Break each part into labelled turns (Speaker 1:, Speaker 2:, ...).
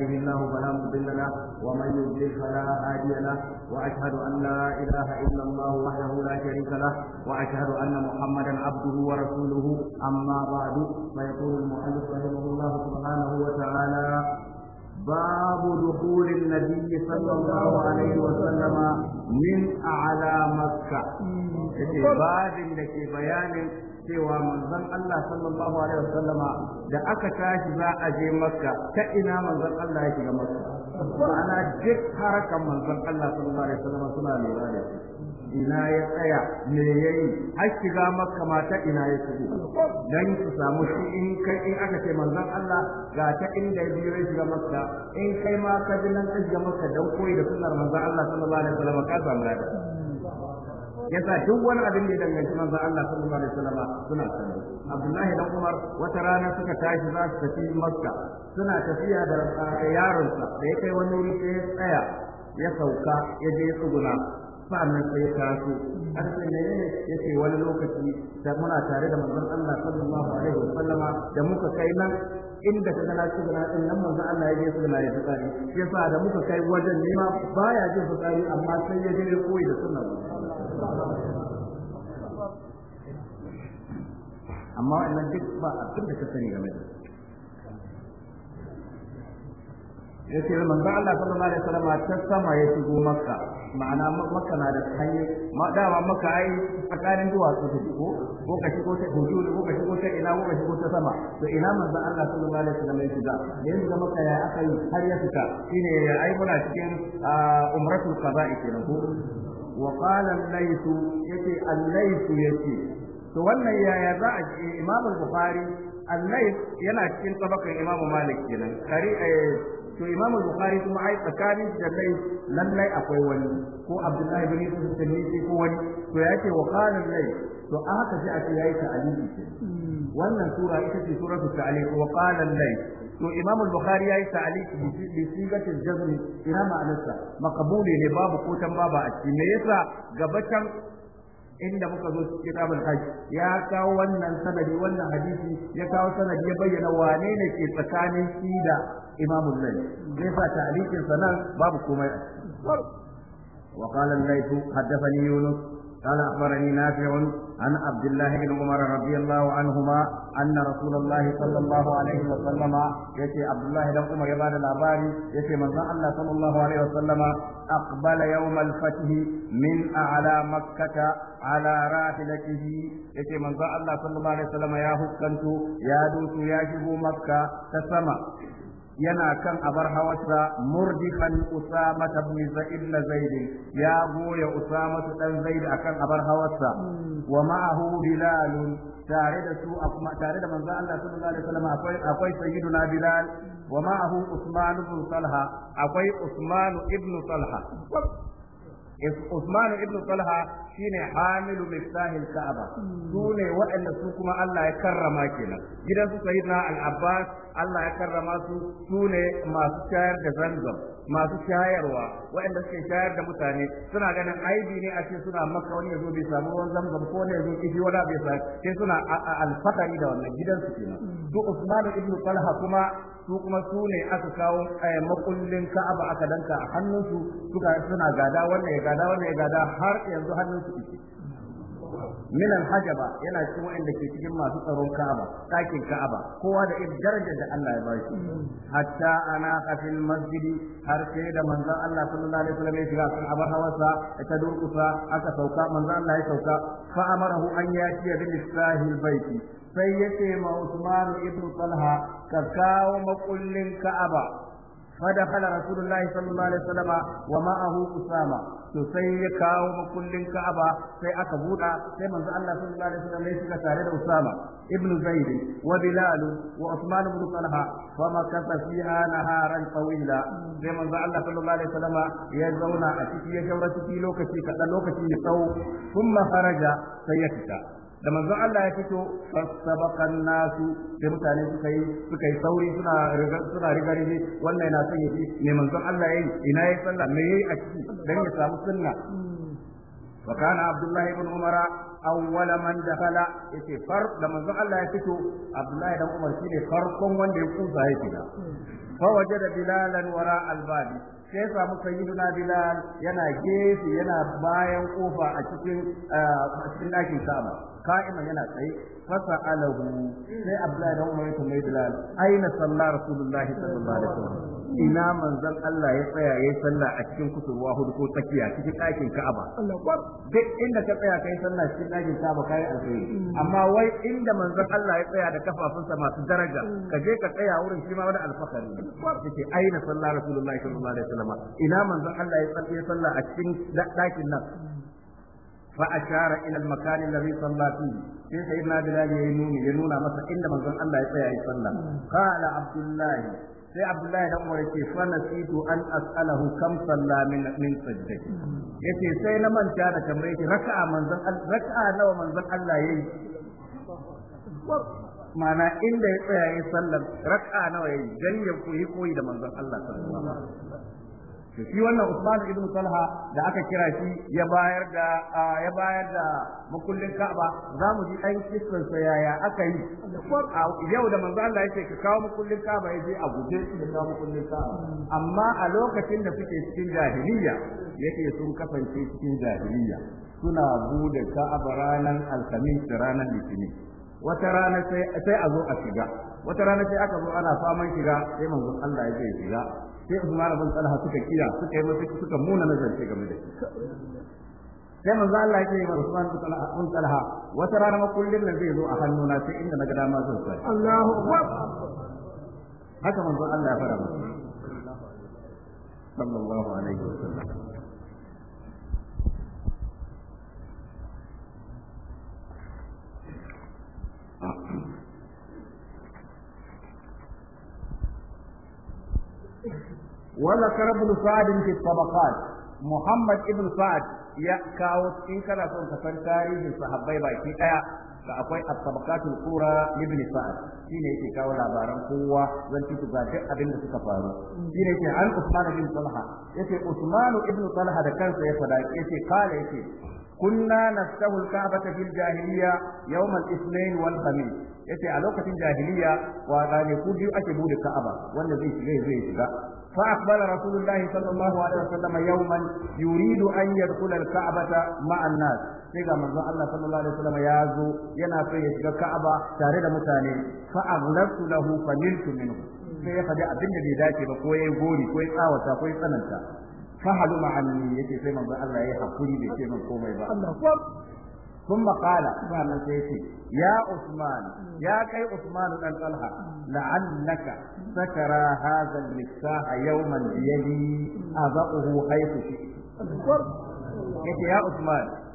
Speaker 1: يهده الله فلا مضل له ومن يضلل فلا هادي له واشهد ان لا اله الا الله وحده لا شريك له واشهد ان محمدا عبده ورسوله اما بعد فيقول المؤلف رحمه الله سبحانه وتعالى باب دخول النبي صلى الله عليه وسلم من اعلى مكه باب لك بيان cewa manzon Allah sallallahu alaihi wasallama da aka tashi za a je Makka ta ina manzon Allah ya shiga Makka ma'ana duk harakan manzon Allah sallallahu alaihi wasallama suna lura da shi ina ya tsaya me yayi har shiga Makka ma ta ina ya shigo dan su samu shi in kai in aka ce manzon Allah ga ta inda ya biyo ya shiga Makka in kai ma ka ji nan ka shiga Makka dan koyi da sunnar manzon Allah sallallahu alaihi wasallama ka samu yasa duk wani abin da ya danganci manzon Allah sallallahu alaihi wasallam suna sani Abdullahi dan Umar wata rana suka tashi za su tafi Makka suna tafiya da yaronsa da ya kai wani wuri sai ya tsaya ya sauka ya je tsuguna sa'annan sai ya taso har sai ne yake wani lokaci da muna tare da manzon Allah sallallahu alaihi wasallam da muka kai nan inda ka gana su gana din nan manzon Allah ya je su gana ya fitsari yasa da muka kai wajen nema baya jin fitsari amma sai ya je koyi da sunnar amma wannan duk ba abin da ka sani game da ya ce manzo Allah sallallahu alaihi wasallam ta sama ya shigo makka ma'ana makka na da hanyar ma dama makka ai tsakanin duwatsu su ko ko ka shigo ta hujuri ko ka shigo ta ina ko ka shigo ta sama to ina manzo Allah sallallahu alaihi wasallam ya shiga da yanzu ga makka ya aka yi har ya fita shine ai muna cikin ah, umratul qada'i kenan ko wa qala al-layth yace al yace to wannan yaya za a ce imam al-bukhari al yana cikin tabakan imam malik kenan kari eh, to imam al-bukhari kuma ai tsakanin da lai lallai akwai wani ko abdullahi bin yusuf tilmisi ko wani to yace wa qala al to a haka sai a ce yayi ta'aliki hmm. wannan sura ita ce suratul ta'aliki wa qala al to imam al-bukhari yayi ta'liq bi sigatil jazm ina ma'anarsa maqbuli ne babu ko baba a cikin me yasa gabatan inda muka zo cikin kitabul hajj ya kawo wannan sanadi wannan hadisi ya kawo sanadi ya bayyana wane ne ke tsakanin shi da imam al Me yasa ta'liqin sanan babu komai وقال الليث حدثني يونس قال أخبرني نافع عن عبد الله بن عمر رضي الله عنهما أن رسول الله صلى الله عليه وسلم يتي عبد الله بن عمر يبعد الأباري يتي من الله صلى الله عليه وسلم أقبل يوم الفتح من أعلى مكة على راحلته يتي من الله صلى الله عليه وسلم يا هكنت يا دوت يا مكة تسمى yana kan abar hawarsa murdifan usama ibn zaid la zaid ya goya usama dan zaid akan abar hawarsa hmm. wa ma'ahu bilalun tare da su tare da manzo Allah sallallahu alaihi wasallam akwai akwai sayyiduna bilal wa ma'ahu usman ibn talha akwai usman ibn talha Usman ibn Talha shine hamilu miftahil Ka'aba hmm. su ne waɗanda su kuma Allah ya karrama kenan gidan su sayyidina Al-Abbas Allah ya karrama su su ne masu shayar da zanzam masu shayarwa waɗanda suke shayar da mutane suna ganin aibi ne a ce suna maka wani ya zo bai samu ruwan zamzam ko ne ya zo kifi wani bai samu sai suna alfakari da wannan gidansu kenan duk Usman ibn Talha kuma su kuma su ne aka kawo eh, makullin Ka'aba aka danka a hannunsu suka suna gada wannan ya gada wannan ya gada har yanzu hannunsu ike min al-hajaba yana cikin wanda ke cikin masu tsaron Ka'aba ɗakin Ka'aba kowa da irin darajar da Allah ya ba shi hatta ana kafin masjidi har sai da manzon Allah sallallahu alaihi wasallam ya shiga kan abar ta durkusa aka sauka manzon Allah ya sauka fa amarahu an yati bi lisahil baiti sai yace ma Usman ibn Talha ka kawo makullin Ka'aba فدخل رسول الله صلى الله عليه وسلم ومعه أسامة sai ya kawo makullin ka'aba sai aka buɗa sai manzo Allah sallallahu alaihi wasallam ya shiga tare da Usama ibn Zaid wa Bilal wa Uthman ibn Talha fa makata fiha naharan tawila sai manzo Allah sallallahu alaihi wasallam ya zauna a ciki ya shaura cikin lokaci kaɗan lokaci ya tsau kuma haraja sai ya fita da manzo Allah ya fito fasabaqan nasu da mutane suka yi suka yi sauri suna riga suna riga rige wannan yana son yi ne manzo Allah yayi ina yayi sallah me yayi a ciki dan ya samu sunna wa kana Abdullahi ibn Umar awwala man dakhala yace far da manzo Allah ya fito Abdullahi dan Umar shine farkon wanda ya kusa yake da fa wajada bilalan wara albabi sai ya samu sayyiduna bilal yana gefe yana bayan kofa a cikin cikin ɗakin sa'a. قائما ينا تسي فسأله سي أبلا يوم ويتم بلال أين صلى رسول الله صلى الله عليه وسلم ina manzon Allah ya tsaya ya sallah a cikin kusurwa hudu ko tsakiya cikin ɗakin Ka'aba duk inda ka tsaya kai sallah cikin ɗakin Ka'aba kai alheri amma wai inda manzon Allah ya tsaya da kafafunsa masu daraja ka je ka tsaya wurin shi ma wani alfakari yake aina sallah rasulullahi sallallahu alaihi wasallam ina manzon Allah ya tsaya ya sallah a cikin ɗakin nan فأشار إلى المكان الذي صلى فيه sai sayyidina bilal ya yi nuni ya nuna masa inda manzon Allah ya tsaya ya sallah qala abdullah sai abdullah dan umar yake fa nasitu an as'alahu kam salla min min sajdah yace sai na manta da tambaye shi raka'a manzon raka'a nawa manzon Allah yayi mana inda ya tsaya ya sallar raka'a nawa yayi dan ya da manzon Allah sallallahu to shi wannan Usman ibn Talha da aka kira shi ya bayar da ya bayar da makullin Ka'aba za mu ji ɗan kisan sa yaya aka yi yau da manzo Allah yake ka kawo makullin Ka'aba yaje a guje shi da kawo makullin Ka'aba amma a lokacin da suke cikin jahiliya yake sun kasance cikin jahiliya suna bude Ka'aba ranan alhamis da ranan litinin wata rana sai a zo a shiga wata rana sai aka zo ana faman shiga sai manzon Allah ya shiga sai mara ban Talha suka kira suka yi masu suka muna nazarce game da shi sai za Allah ya yi masu ban bin Talha bin Talha wata rana makullin nan zai zo a hannuna sai inda na ga dama zan sai Allahu Akbar haka manzo Allah ya fara masa
Speaker 2: sallallahu alaihi wasallam Thank you.
Speaker 1: وذكر ابن سعد fi tabaqat muhammad Sa'ad ya kawo in kana son ka san tarihin sahabbai baki daya da akwai at-tabaqatul qura ibn sa'ad shine yake kawo labaran kowa zan ci ga duk abin da suka faru shine yake an Usman bin Talha yace Usman ibn Talha da kansa ya fada yace kala yace kunna naftahu al-ka'bata fil jahiliya yawm al-ithnain wal khamis yace a lokacin jahiliya wa zane ku biyu ake bude ka'aba wanda zai shiga zai shiga fa akbara rasulullahi sallallahu alaihi wasallam yawman yuridu an yadkhula al-ka'bata ma'a nas sai ga manzon Allah sallallahu alaihi wasallam ya zo yana so ya shiga ka'aba tare da mutane fa aghlaqtu lahu fa minhu sai ya faɗi abin da bai dace ba ko yayi gori ko ya tsawata ko ya tsananta fa halu ma'anni yake sai manzon Allah ya hakuri da ke man komai ba ثم قال سبحانه سيتي يا عثمان يا كي عثمان بن طلحة لعلك سترى هذا المفتاح يوما بيدي أضعه حيث شئت يا عثمان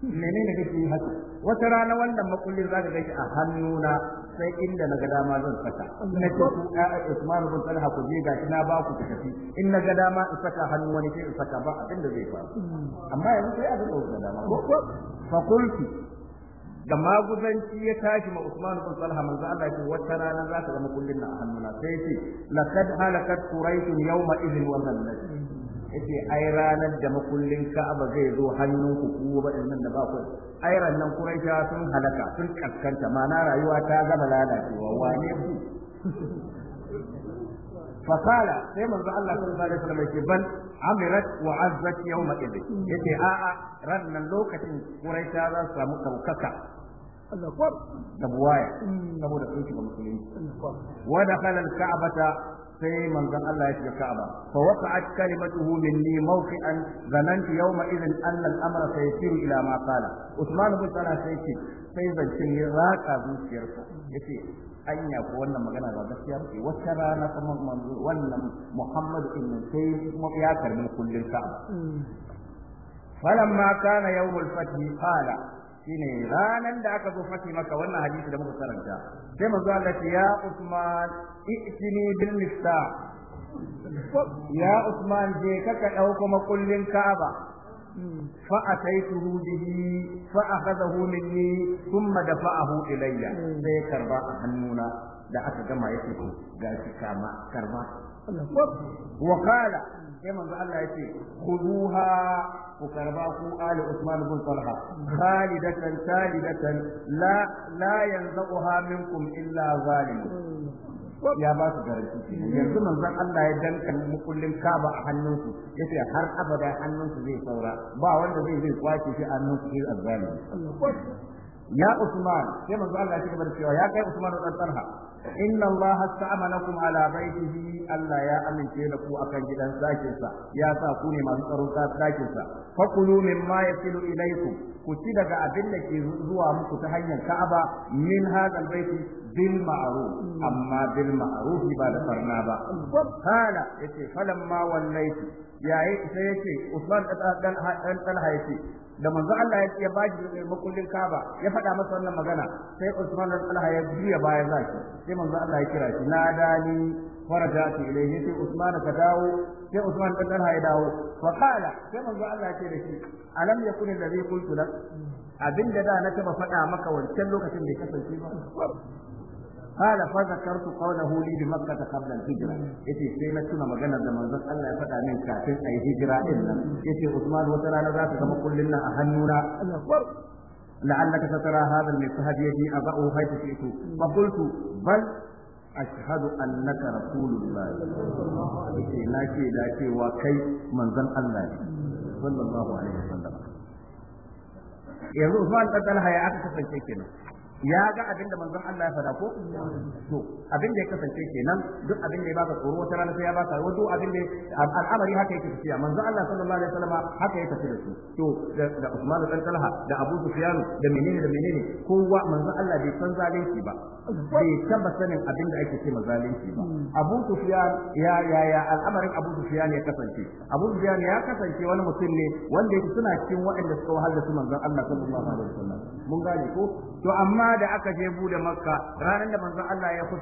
Speaker 1: Mene ne kake yi haka wata rana wannan makullin za ka gaji a hannuna sai inda na ga dama zan saka na ce ku ya'a Usman bin Talha ku je gashi na ba ku tafi in na ga dama in saka hannu wani sai in saka ba abin da zai faru amma yanzu sai ga da dama fa qulti da maguzanci ya tashi ma Usman bin Talha manzo Allah ya ce wata rana za ka ga makullin na a hannuna sai ce laqad halakat quraish yawma idhin wa zallat yace ai ranar da makullin Ka'aba zai zo hannun ku ku waɗannan da ba ku ai ranan Quraisha sun halaka sun kaskanta mana rayuwa ta gama lalacewa wane ku fakala sai manzo Allah sallallahu alaihi wasallam yake bal amirat wa azzat yawma idin yace a a lokacin Quraisha za su samu daukaka da buwaya saboda sun musulunci wa dakhala al-ka'bata sai manzon Allah ya shiga Ka'aba fa waqa'at kalimatuhu minni mawqi'an zanantu yawma idhin anna al-amra sayasiru ila ma qala Usman ibn Talha sai ce sai zancin ya raka zuciyarsa yace anya ko wannan magana ba gaskiya ba wata rana kuma manzo wannan Muhammad ibn sai ya karbi kullun Ka'aba hmm. falamma kana yawmul fath qala shine ranan da aka zo fati maka wannan hadisi da muka karanta sai manzo Allah ce ya Usman ikini bil mista ya Usman je ka ka dauko makullin Ka'aba fa ataituhu bihi fa akhadahu minni thumma dafa'ahu ilayya sai karba a hannuna da aka gama yake ko gashi kama karba wa kala sai manzo Allah yace khuduha ku karba ku ali usman bin talha khalidatan khalidatan la la yanzaquha minkum illa zalim ya ba su garanti yanzu manzon Allah ya danka mukullin kaba a hannunsu yace har abada hannunsu zai saura ba wanda zai zai kwace shi a hannunsu sai azzalimi ya Usman sai manzo Allah ya gaba da cewa ya kai Usman dan Talha inna Allah asta'amalakum ala baitihi Allah ya amince da ku akan gidan zakin ya sa ku ne masu tsaron zakin sa ma mimma yasilu ilaykum ku ci daga abin da ke zuwa muku ta hanyar Ka'aba min hadal baiti bil ma'ruf amma bil ma'ruf ba da farna ba kana yace falamma wallaiti yayi sai yace Usman dan Talha da manzo Allah ya ce ba shi makullin Kaaba ya faɗa masa wannan magana sai Usman bin Talha ya juya baya zaki sai manzo Allah ya kira shi na dani farajatu ilayhi sai Usman ka dawo sai Usman bin Talha ya dawo fa qala sai manzo Allah ya ce da shi alam yakun alladhi qultu lak abinda da na taba faɗa maka wancan lokacin da kasance ba قال فذكرت قوله لي بمكة قبل الهجرة يتي سينا تنا مغانا دا ذات الله يفتع من كافر أي هجرة إلا يتي عثمان وترى ذات كما قل لنا أهنونا لعلك سترى هذا المفهد يجي أبأه حيث شئت فقلت بل أشهد أنك رسول الله يتي ناكي لكي وكي من ذن الله صلى الله عليه وسلم يا Usman dan Talha ya aka kasance kenan ya ga abin da manzon Allah ya faɗa ko to abin da ya kasance kenan duk abin da ya baka tsoro wata rana sai ya baka wato abin da al'amari haka yake tafiya manzon Allah sallallahu alaihi wasallam haka ya tafi da su to da Usman dan Talha da Abu Sufyan da menene da menene kowa manzon Allah bai san zalunci ba bai taba sanin abin da ake ce zalunci ba Abu Sufyan ya ya ya al'amarin Abu Sufyan ya kasance Abu Sufyan ya kasance wani mutum ne wanda yake suna cikin waɗanda suka wahala su manzon Allah sallallahu alaihi wasallam mun gane ko to amma ma da aka je bude makka ranar da manzon Allah ya ba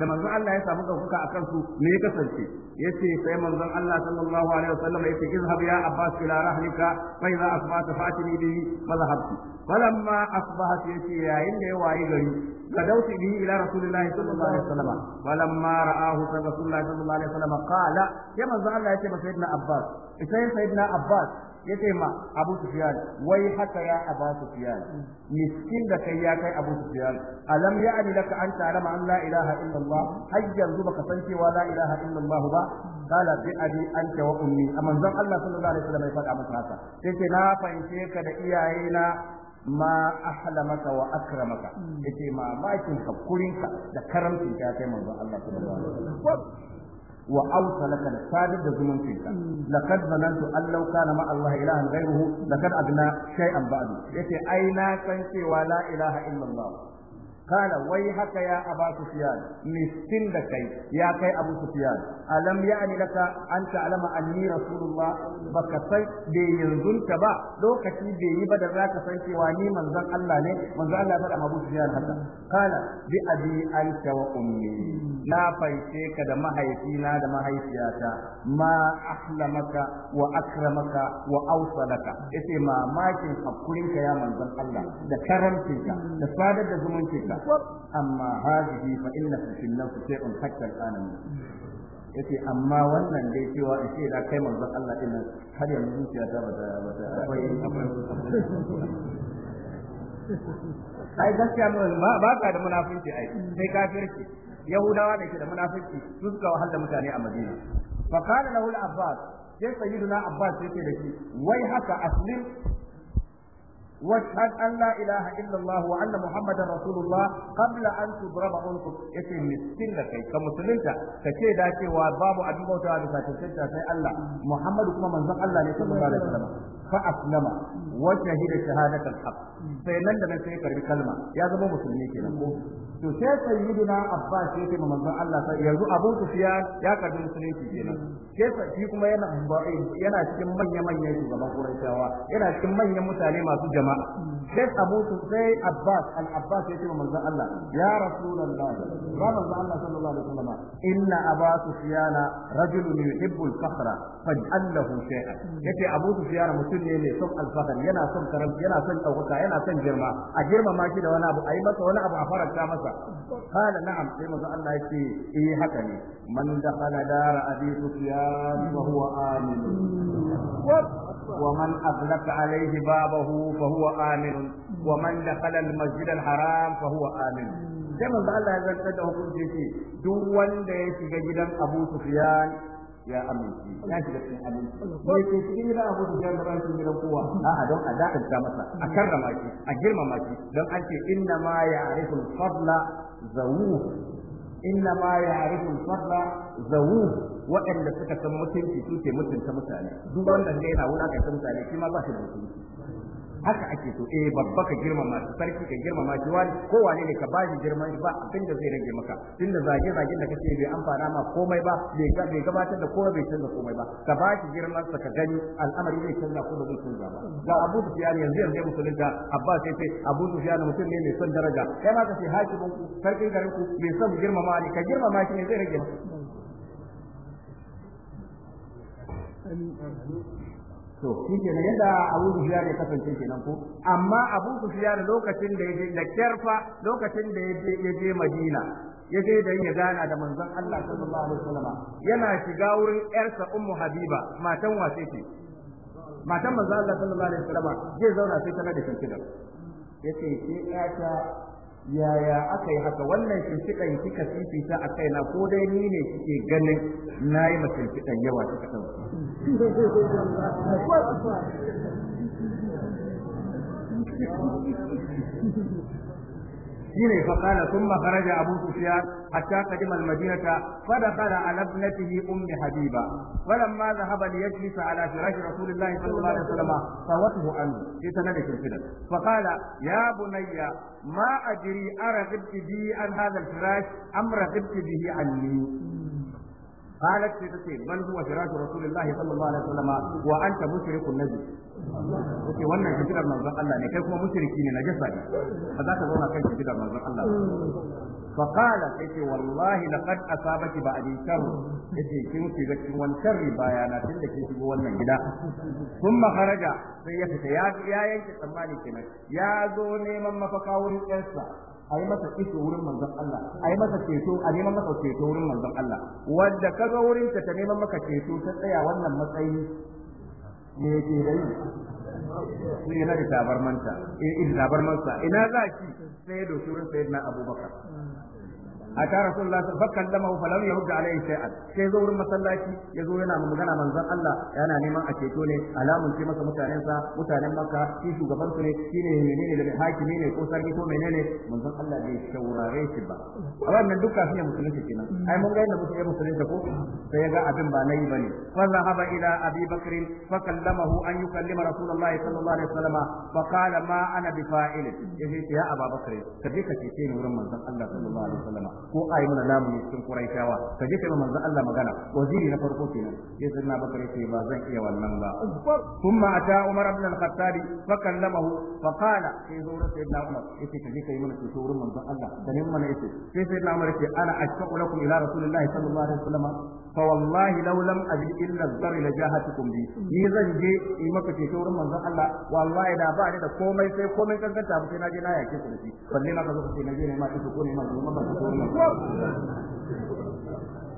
Speaker 1: da manzon Allah ya samu dauka a kansu me ya kasance yace sai manzon Allah sallallahu alaihi wasallam yace izhab ya abbas ila rahlika fa idza da fatini bihi fa falamma asbahat yace yayin da ya wayi gari غدوت به الى رسول الله صلى الله عليه وسلم فلما رآه رسول الله صلى الله عليه وسلم قال يا من الله يتبع سيدنا Sayyidina Abbas. ya ce ma abu sufiyan wai haka ya aba sufiyan miskin da kai ya kai abu sufiyan alam ya ani laka an ta'lama an la ilaha illallah har yanzu baka san cewa la ilaha illallah ba kala bi abi anta wa ummi amma zan Allah sallallahu alaihi wasallam ya faɗa masa haka sai ce na fahimce ka da iyayena ma ahlamaka wa akramaka yace makin hakurinka da karamcin ka kai manzon Allah sallallahu alaihi wasallam wa awsalaka sadar da zumuncin ka laqad zanantu an law kana ma Allah ilahan ghayruhu laqad adna shay'an ya ce ai na san cewa la ilaha illallah قال ويحك يا أبا سفيان مسكين لكي يا كي أبو سفيان ألم يعني لك أن تعلم أني رسول الله بكسي بينزل كبا لو كتي بي بدل راك سنتي واني من ذن الله ني من ذن الله فرح أبو سفيان حتى قال بأبي أنت وأمي لا فيتيك دم هيتينا دم هيتياتا ما أحلمك وأكرمك وأوصلك إسي ما ماكين حقولك يا من ذن الله da karamcinka da sadar da zumuncinka illa amma hadhihi fa inna fi nafsi shay'un hatta al-ana yace amma wannan dai cewa in ce da kai manzon Allah din har yanzu zuciya ta bata bata akwai ai gaskiya ba ka da munafiki ai sai kafirci yahudawa da ke da munafiki su suka wahala mutane a madina fa qala lahu al-abbas sai sayyiduna abbas yake da shi wai haka aslim واشهد أن لا إله إلا الله وأن محمدا رسول الله قبل أن تضرب عنقك يتي مسكين لك كمسلم كشي داكي وباب أبي موتى بساتي سنتا سي الله محمد كما من الله صلى الله عليه وسلم fa aslama wa shahida shahadat al sai nan da nan sai karbi kalma ya zama musulmi kenan ko to sai sayyiduna abbas yake ma manzon Allah sai yanzu abu sufyan ya karbi musulunci kenan sai shi kuma yana yana cikin manya manya shugaban quraishawa yana cikin manyan mutane masu jama'a sai abu sai abbas al-abbas yake ma manzon Allah ya rasulullah ya manzon Allah sallallahu alaihi wasallam inna aba sufyan rajulun yuhibbu al-fakhra faj'al lahu shay'an yace abu sufyan mutum ne mai son alfahar yana son karam yana son ɗaukaka yana son girma a girmama shi da wani abu a yi masa wani abu a faranta masa kana na'am sai manzo Allah yake eh haka ne man da dakhala dara abi sufyan wa huwa amin ومن أغلق عليه بابه فهو آمن ومن دخل المسجد الحرام فهو آمن sai manzo Allah ya zartar da hukunci duk wanda ya shiga gidan Abu Sufyan ya aminci ya shiga cikin aminci bai ke cikin gidan abu da jami'a ba cikin gidan kowa a'a don a dakanta masa a karrama shi a girmama shi don an ce inna ma ya'rifu al-fadla zawu inna ma ya'rifu al-fadla zawu waɗanda suka san mutunci su ke mutunta mutane duk wanda yana wulakanta mutane shi ma ba shi da mutunci haka ake so eh babba ka girmama shi sarki ka girmama shi wani ko wane ne ka ba shi girman shi ba abin da zai rage maka tunda zage zagen da kake bai amfana ma komai ba bai bai gabatar da komai bai canza komai ba ka ba shi girman sa ka gani al'amari zai canza ko da zai canza ba ga Abu Sufyan yanzu yanzu ya da abba sai sai Abu Sufyan mutum ne mai son daraja kai ma ka haki hakimin ku sarkin garin ku mai son girmama ne ka girmama shi ne zai rage maka to shi ke yadda abu sufiyan ya kasance kenan ko amma abu sufiyan lokacin da ya je da kyarfa lokacin da ya je madina ya je da ya gana da manzon Allah sallallahu alaihi wasallam yana shiga wurin yarsa ummu habiba matan wace ce matan manzon Allah sallallahu alaihi wasallam zai zauna sai tana da shimfida yace ke ƴata yaya aka yi haka wannan shimfiɗan kika fifita a kaina ko dai ni ne kike ganin na yi mashimfiɗan yawa kika shine fa kana thumma kharaja abu sufyan hatta qadima al-madinata fa dakhala ala ibnatihi ummi habiba falamma dhahaba liyajlis ala firash rasulillahi sallallahu alaihi wasallam fawatuhu anhu itana da kirfida fa qala ya bunayya ma ajri aragibti bi an hadha al-firash am ragibti bihi anni قالت تتي من هو فراش رسول الله صلى الله عليه وسلم وانت مشرك النبي kace wannan shimfidar manzon Allah ne kai kuma mushriki ne najasa ne ba za ka zauna kan shimfidar manzon Allah fa qala yace wallahi laqad asabaki ba adin shar yace kin ki ga kin wani sharri baya na tunda kin shigo wannan gida kuma kharaja sai ya fita ya yanke tsammani kenan ya zo neman mafaka wurin ɗansa a yi masa iso wurin manzon Allah a yi masa ceto a neman masa ceto wurin manzon Allah wanda ka zo wurin ta ta neman maka ceto ta tsaya wannan matsayi me ke da yi
Speaker 2: sai yana da tabarmanta eh tabarmansa ina
Speaker 1: za ki sai da wurin sayyidina Abubakar A ata rasulullah fakallamahu falam yurd alaihi shay'an sai zo wurin masallaci ya zo yana magana manzon Allah yana neman a ceto ne alamun ce masa mutanen sa mutanen Makka shi shugaban su ne shine menene da hakimi ne ko sarki ko menene manzon Allah bai shaurare shi ba wannan duka shine musulunci kenan ai mun ga inda mutum ya musulunci ko sai ga abin ba nayi bane fa zahaba ila abi bakr fakallamahu an yukallima rasulullah sallallahu alaihi wasallam fa qala ma ana bifa'il yace ya ababakar kaje ka ce ni wurin manzon Allah sallallahu alaihi wasallam ko a yi mana namu ne cikin Quraishawa ka je kai manzo Allah magana waziri na farko kenan sai sunna bakare ce ba zan iya wannan ba kuma ata Umar ibn al-Khattab fa kallamahu fa qala sai zuwa sayyidina Umar yace ka je kai mana cikin wurin manzo Allah da ne mana yace sai sayyidina Umar yace ana ashfaqu lakum ila rasulillahi sallallahu alaihi wasallam fa wallahi law lam ajid illa dhar la jahatukum bi ni zan je in maka cikin wurin manzo Allah wallahi da ba ni da komai sai komai kankanta ba sai na je na yake ku da shi balle na ka zo ka ce na je ne ma ki ko ne ma zo ma ba ko ne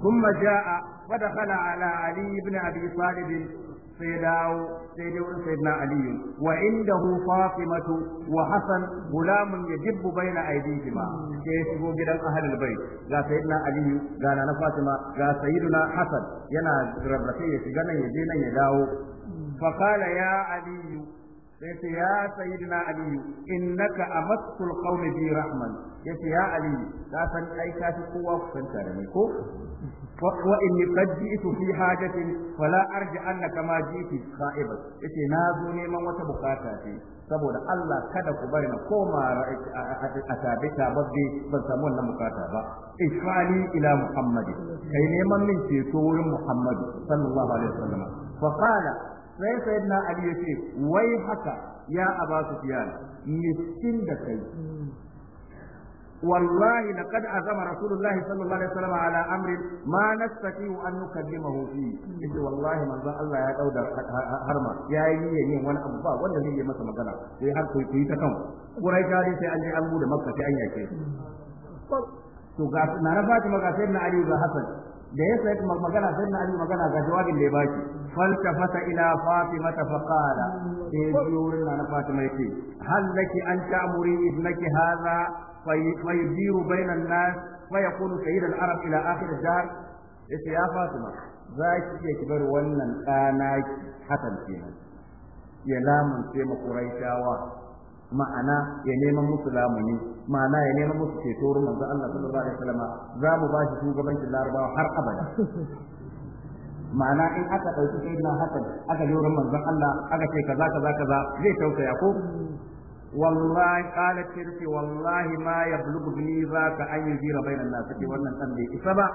Speaker 1: ثم جاء فدخل على علي بن أبي طالب سيداو سيدو سيدنا علي وعنده فاطمة وحسن غلام يجب بين أيديهما كيسبو جدا أهل البيت غا سيدنا علي غا نانا فاطمة غا سيدنا حسن ينا ربتي يسجنا يجينا يداو فقال يا علي yace ya sayyidina ali innaka amastul qawmi bi rahman yace ya ali ka san ai ka fi kowa kusanta da ni ko wa inni qad ji'tu fi hajatin fala arji annaka ma ji'tu sa'iban yace na zo neman wata bukata ce saboda Allah kada ku bari na koma a tabita bi ban samu wannan bukata ba ishali ila muhammad kai neman min ceto wurin muhammad sallallahu alaihi wasallam fa qala sai sai na Ali ya ce wai haka ya aba su miskin da kai wallahi laqad azama rasulullahi sallallahu alaihi wasallam ala amrin ma nastati an nukallimahu fi yace wallahi manzo Allah ya dauda harma ya yi niyyar yin wani abu ba wanda zai yi masa magana sai har ku yi ta kan Quraysh ali sai an je an bude makka sai an yake to ga na rafa ta maga na ali ga hasan da ya sayi magana sai na ali magana ga jawabin da ya baki faltafata ila fatima ta faqala sai biyo na na fatima yake hal laki an ta'muri ibnaki hadha fayudiru bainan nas fa yaqulu sayyid al-arab ila akhir ad-dahr yace ya fatima za ki iya ki bar wannan ki? hakan kenan ya lamunce ma quraishawa ma'ana ya neman musu lamuni ma'ana ya nema musu ceto wurin manzo Allah sallallahu alaihi wasallam za mu ba shi shugabancin larabawa har abada ma'ana in aka ɗauki sayyidina hasan aka je wurin manzon Allah aka ce kaza kaza kaza zai tausaya ko wallahi qala tirfi wallahi ma yablughu bi zaka an yuzira bainan nas ce wannan dan bai isa ba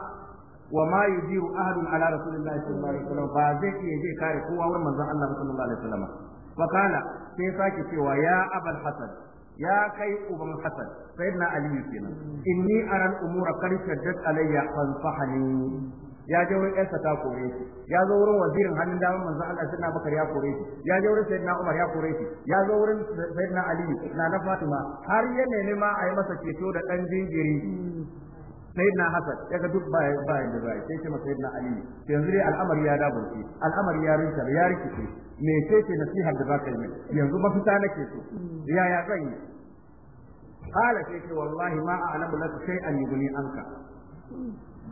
Speaker 1: wa ma yuziru ahadun ala rasulillahi sallallahu alaihi wasallam ba zai iya zai kare kowa wurin manzon Allah sallallahu alaihi wasallam fa kana sai sake cewa ya abul hasan ya kai uban hasan sayyidina ali in ni aral umura kar shaddat alayya fanfahani ya je wurin ƴarsa ta kore shi ya zo wurin wazirin hannun daman manzon Allah sayyidina Bakar ya kore shi ya je wurin sayyidina Umar ya kore shi ya zo wurin sayyidina Ali na na Fatima har ya nemi ma a yi masa ceto da ɗan jinjiri sayyidina Hassan ya duk ba ba da bai sai ce masa sayyidina Ali yanzu dai al'amari ya daburce al'amari ya rinka ya rikice me ce ce nasihar da zaka yi yanzu mafita nake so yaya zan yi qala sai ce wallahi ma a'lamu laka shay'an yughni anka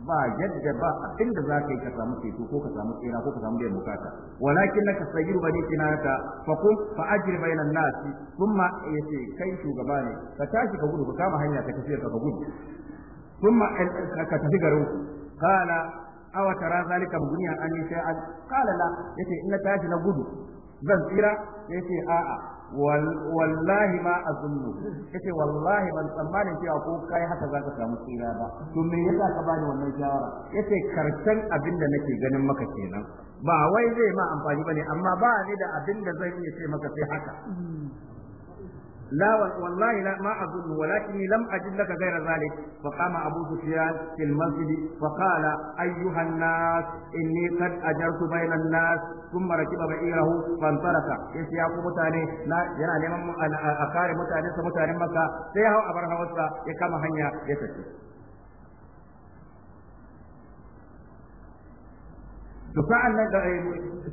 Speaker 1: ba yadda ba inda za ka yi ka samu ceto ko ka samu tsira ko ka samu biyan bukata walakin laka sayyidu bani kinaka fa kun fa ajri bainan nasi kuma yace kai shugaba ne ka tashi ka gudu ka kama hanya ka tafi ka gudu kuma eh, ka tafi garin ku kala awa tara zalika buguniya an yi an. kala la yace in na tashi na gudu zan tsira yace a'a wallahi ma Ya kace wallahi ban tsammanin cewa ko kai haka za ka samu tsira ba to me yasa ka bani wannan shawara yace karshen abin da nake ganin maka kenan ba wai zai ma amfani ba ne amma ba ni da abin da zan iya ce maka sai haka لا والله لا ما أظن ولكني لم أجد لك غير ذلك فقام أبو سفيان في المسجد فقال أيها الناس إني قد أجرت بين الناس ثم ركب بعيره فانطلق يسي يقوم متاني لا ينا لمن أقارب متاني سمتاني مكة سيهو أبرها وسا يكام هنيا يتسي to sa'an nan da eh,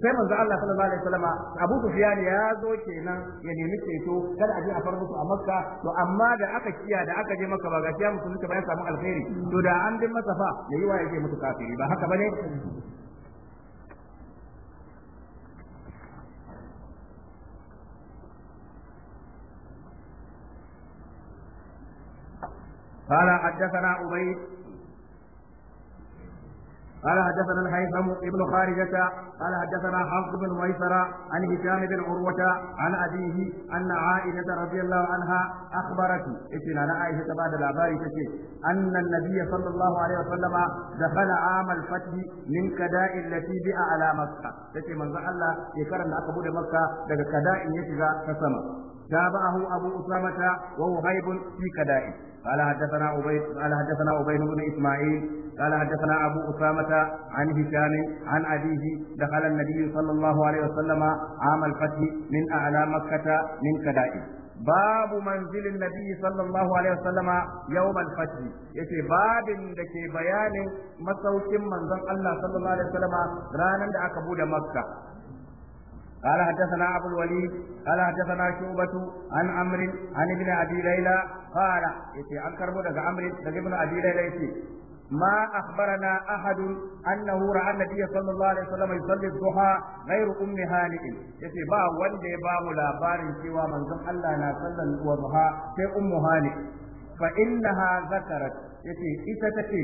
Speaker 1: sai manzo Allah sallallahu alaihi wasallam Abu Sufyan ya zo kenan ya nemi ceto kada a je a far musu a Makka to amma da aka kiya da aka je Makka ba ga kiya musulunci ba ya samu alkhairi to da an din masa fa yayi wa yake musu kafiri ba haka bane قال حدثنا أبي قال حدثنا الهيثم ابن خارجة قال حدثنا حفص بن ميسرة عن هشام بن عروة عن أبيه أن عائشة رضي الله عنها أخبرته إتنا أنا عائشة بعد الأباري تشي أن النبي صلى الله عليه وسلم دخل عام الفتح من كداء التي بئ على مكة تشي من الله يكرم أقبول مكة دقى كداء يشغى فسمى تابعه أبو أسامة ووهيب في كدائه قال حدثنا عبيد قال حدثنا عبيد بن اسماعيل قال حدثنا ابو اسامه عن هشام عن ابيه دخل النبي صلى الله عليه وسلم عام الفتح من اعلى مكه من كدائد باب منزل النبي صلى الله عليه وسلم يوم الفتح yace babin da ke bayanin masaukin manzon Allah sallallahu alaihi wasallam ranar da aka bude makka قال حدثنا أبو الوليد قال حدثنا شعبة عن عمرو عن ابن أبي ليلى قال يتي عن كربو عمرو ابن أبي ليلى يتي ما أخبرنا أحد أنه رأى النبي صلى الله عليه وسلم يصلي الضحى غير أم هانئ يتي با وندي با ملابار سوى من الله نا صلى وضحى في أم هانئ فإنها ذكرت yace ita tace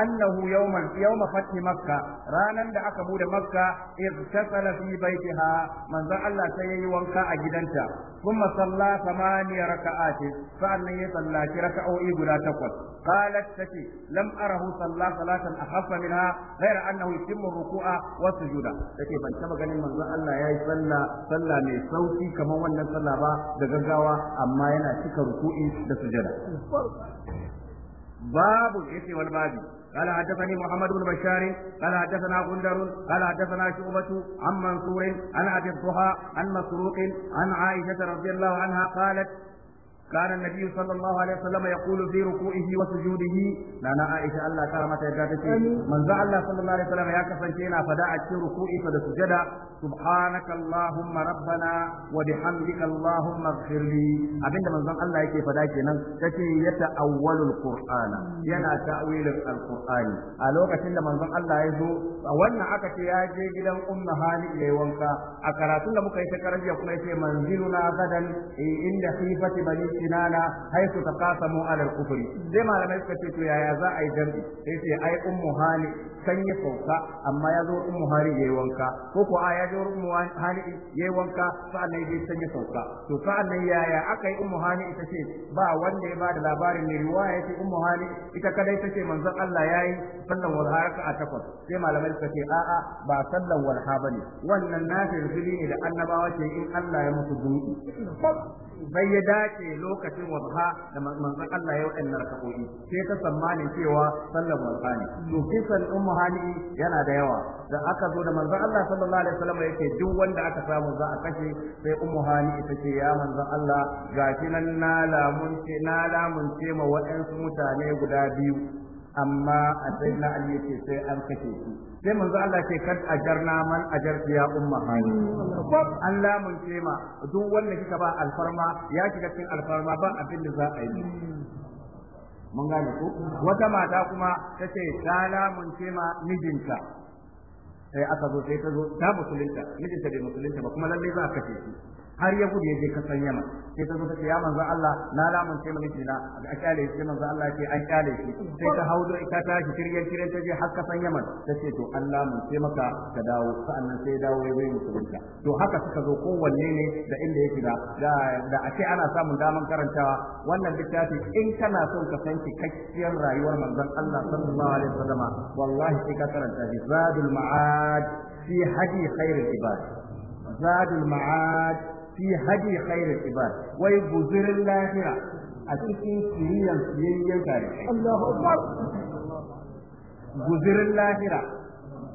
Speaker 1: annahu yawman yawma fath makka ranan da aka bude makka irtasala fi baitiha manzo Allah sai yayi wanka a gidanta kuma salla samaniya raka'ati sa'annan ya sallaci raka'o'i guda takwas qalat tace lam arahu salla salatan akhaffa minha ghayra annahu yutimmu ruku'a wa sujuda tace ban taba ganin manzo Allah yayi salla sallah mai sauki kamar wannan salla ba da gaggawa amma yana cika ruku'i da sujada باب الإثم والبادي قال حدثني محمد بن بشار قال حدثنا غندر قال حدثنا شعبة عن منصور عن أبي الضحى عن مسروق عن عائشة رضي الله عنها قالت كان النبي صلى الله عليه وسلم يقول في ركوعه وسجوده لا عائشة الله كرمت يداتك من ذا الله صلى الله عليه وسلم يكفن كينا فداعت في ركوعي فدسجد سبحانك اللهم ربنا وبحمدك اللهم اغفر لي أبين من ذا الله يكي فداعت تكي يتأول القرآن ينا تأويل القرآن ألوك سند من ذا الله يزو وانا عكا تياجي جدا أم هاني إليوانك أكراتنا بكي تكرجي وكي منزلنا غدا عند خيفة بني kinana haisu taqasamu ala al-kufri sai malamai suka ce to yaya za a yi dambi sai ce ai ummu hali san yi sauka amma ya zo ummu hali yayi wanka ko ko a ya ummu hali yayi wanka sa'annan dai san yi sauka to sa'annan yaya aka yi ummu hali ita ce ba wanda ya ba da labarin ne riwaya ce ummu hali ita kadai tace ce manzon Allah yayi sallan walha a takwas sai malamai suka ce a'a ba sallan walha bane wannan nafi fili ne da annabawa ce in Allah ya musu dubi bai ya dace lokacin wadha da manzon Allah ya wadannan rakabobi sai ta tsammani cewa sallar wadha ne to kisan ummu yana da yawa da aka zo da manzon Allah sallallahu alaihi wasallam yake duk wanda aka samu za a kashe sai ummu hani ita ce ya manzon Allah gashi nan na lamunce na lamunce ma waɗansu mutane guda biyu amma a sai na an yake sai an kashe shi sai mun zo Allah ce kad ajarna man ajar ya umma Allah an lamun ma duk wanda kika ba alfarma ya kika cikin alfarma ba abin da za a yi mun gane ko wata mata kuma tace ta lamun ma mijinta sai aka zo sai ta zo ta musulunta mijinta bai musulunta ba kuma lalle za a kashe shi har ya gudu ya je kasan Yaman sai ta zo ta ce ya manzo Allah na lamun sai miki na a kyale sai manzo Allah ce an kyale shi sai ta haudo ita ta shi kiryan kiryan ta je har kasan Yaman ta ce to Allah mun sai maka ka dawo sa'annan sai dawo ya bai musulunta to haka suka zo kowanne ne da inda yake da da a ce ana samun daman karantawa wannan littafi in kana son ka san cikakkiyar rayuwar manzon Allah sallallahu alaihi wasallama wallahi sai ka karanta bi zadul ma'ad fi hadi khairul ibad zadul ma'ad fi hadi khairul ibad wai guzurin lahira a cikin kiriyan siyayyen tare Allahu akbar guzurin lahira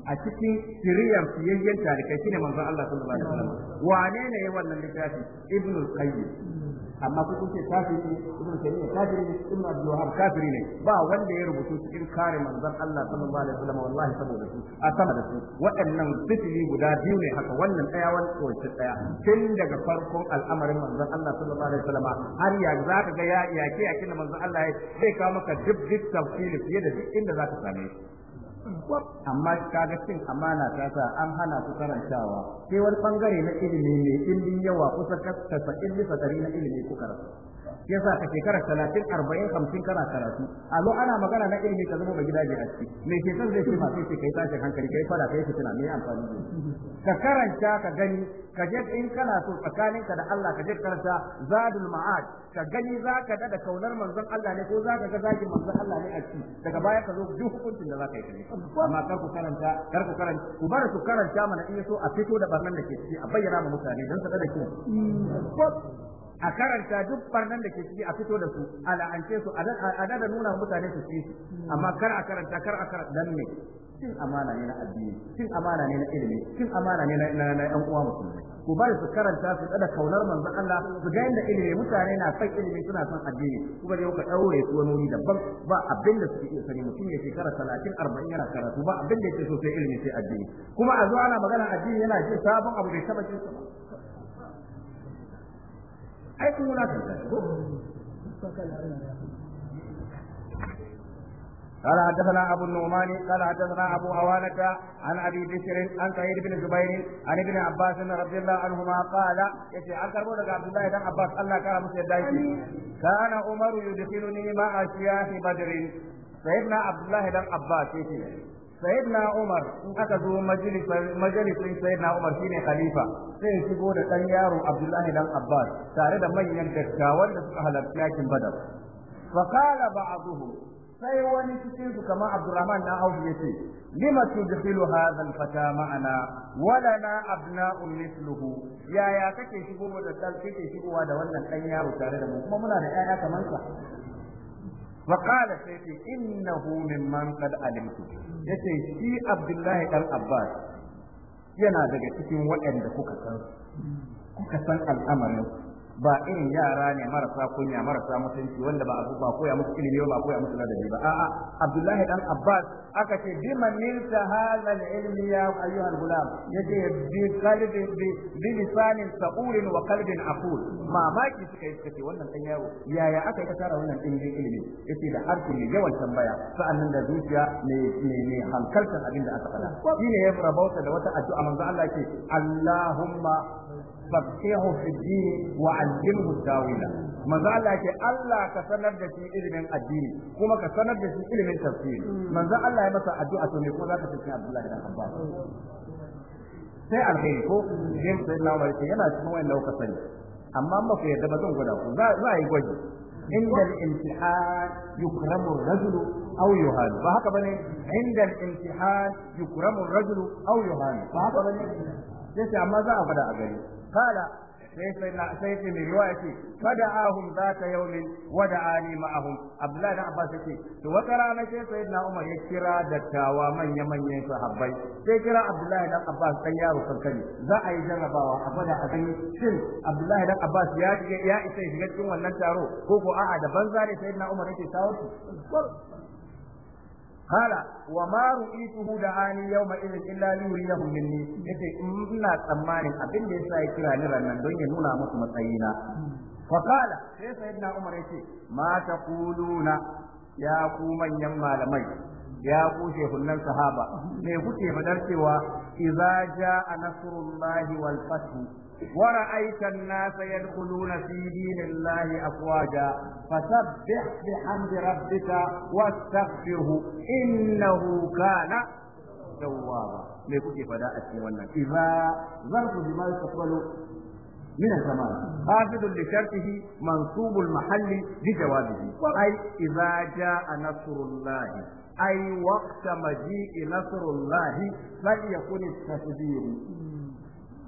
Speaker 1: a cikin siriyar fiyayyen tarikai shine manzon Allah sallallahu alaihi wasallam wane ne ya wannan littafi ibnu qayyim amma ku kun ce kafiri ne ibnu taymiya kafiri ne ibnu abdul wahhab kafiri ne ba wanda ya rubutu cikin kare manzon Allah sallallahu alaihi wasallam wallahi saboda su a sama da su waɗannan fitili guda biyu ne haka wannan daya wancan daya tun daga farkon al'amarin manzon Allah sallallahu alaihi wasallam har ya za ka ga ya yake yakin manzon Allah ya sai ka maka duk duk tafsiri fiye da duk inda za ka same shi amma kaga cin amana ta sa an hana su karantawa sai wani bangare na ilimi mai ɗimbin yawa kusa kasa sa'in bisa na ilimi kuka rasa yasa ka shekara 30 40 50 kana karatu a lo ana magana na ilimi ka zama ba gidaje a ciki me ke san zai ce ma sai kai tashin hankali kai fada kai fitina mai amfani ka karanta ka gani ka je in kana so tsakanin ka da Allah ka je karanta zadul ma'ad ka gani zaka da kaunar manzon Allah ne ko zaka ga zaki manzon Allah ne a ciki daga baya ka zo duk hukuncin da zaka yi amma kar ku karanta kar ku karanta ku bar ku karanta mana in so a fito da barnan da ke ciki a bayyana ma mutane dan su da a karanta duk barnan da ke ciki a fito da su a la'ance su a da nuna mutane su ci su amma kar a karanta kar a karanta dan ne cin amana ne na addini cin amana ne na ilimi cin amana ne na na yan uwa musulmi ku bari su karanta su da kaunar manzo Allah su ga yanda ilimi mutane na son ilimi suna son addini ku bari ku daure su wani wuri daban ba abin da suke sani mutum ya shekara 30 40 yana karatu ba abin da yake so sai ilimi sai addini kuma a zo ana magana addini yana jin sabon abu bai taba sa ba ai kun wulakanta ko قال حدثنا أبو النعمان قال حدثنا أبو هوانة عن أبي بشر عن سعيد بن جبير عن ابن عباس رضي الله عنهما قال يتعكر بولك عبد الله بن عباس الله كان مسيدايتي كان عمر يدخلني مع شياخ بدر سيدنا عبد الله بن عباس يتي sayyidina Umar in aka zo majalisin sayyidina Umar shine khalifa sai shigo da dan yaro Abdullahi dan Abbas tare da manyan dattawan wanda suka halarci yakin Badar fa qala ba'dhum sai wani cikin su kamar Abdurrahman dan Auf yace lima tudkhilu hadha al-fata ma'ana wa lana abna'un mithluhu yaya kake shigo da dan kake shigowa da wannan dan yaro tare da mu kuma muna da yaya kamar sa وقال سيدي إنه ممن قد alimtu. ya ce shi Abdullahi dan Abbas yana daga cikin waɗanda kuka san kuka san al'amarin ba irin yara ne marasa kunya marasa mutunci wanda ba abu ba koya musu ilimi ba koya musu ladabi ba a'a Abdullahi dan Abbas aka ce bi man nilta hadha al ya ayyuha al-gulam yace bi qalbi bi bi lisanin sa'ul wa qalbin aqul mamaki suka yi suka wannan dan yaro yaya aka yi tara wannan din ilimi yace da harfi ne yawan tambaya sa'annan da zuciya ne ne hankaltar abin da aka faɗa shine ya bauta da wata addu'a manzo Allah yake Allahumma faqihhu fi din wa 'allimhu tawila manzo Allah ke Allah ka sanar da shi ilimin addini kuma ka sanar da shi ilimin tafsiri manzo Allah ya masa addu'a to ne kuma zaka tafi Abdullahi ibn Abbas sai alheri ko jin sai na wai yana cikin wannan ka sani amma ba ku yadda ba zan gwada ku za a yi gwaji عند الامتحان يكرم الرجل أو يهان فهكا بني عند الامتحان يكرم الرجل أو يهان فهكا بني sai amma za a fada a gari قال sai sai na sai ce mai riwaya ce fada'ahum zata a wada'ani ma'ahum abdullahi da abbas yake to wata rana sai sai na ya kira dattawa manya manyan sahabbai sai kira abdullahi da abbas dan yaro kankani za a yi jarrabawa a a gani shin abdullahi da abbas ya ya isa shiga cikin wannan taro ko ko a'a da banza ne sai na umar yake tawo Kala wa maru isu huda ani yau ma irin illa yuri yahu minni ya ce ina tsammanin abin da ya ya kira ni rannan don ya nuna musu matsayina. Fa kala sai sa yadda Umar ya ce ma ta kuluna ya ku manyan malamai ya ku shehunan sahaba me kuke fadar cewa iza a nasurullahi wal fasu ورأيت الناس يدخلون في دين الله أفواجا فسبح بحمد ربك واستغفره إنه كان توابا me kuke fada a cikin wannan iza za ku ji ma ka falo min zaman hafidu li shartihi mansub al mahall li jawabihi ai iza ja anasrullahi ai waqta maji nasrullahi fal yakun tasdiri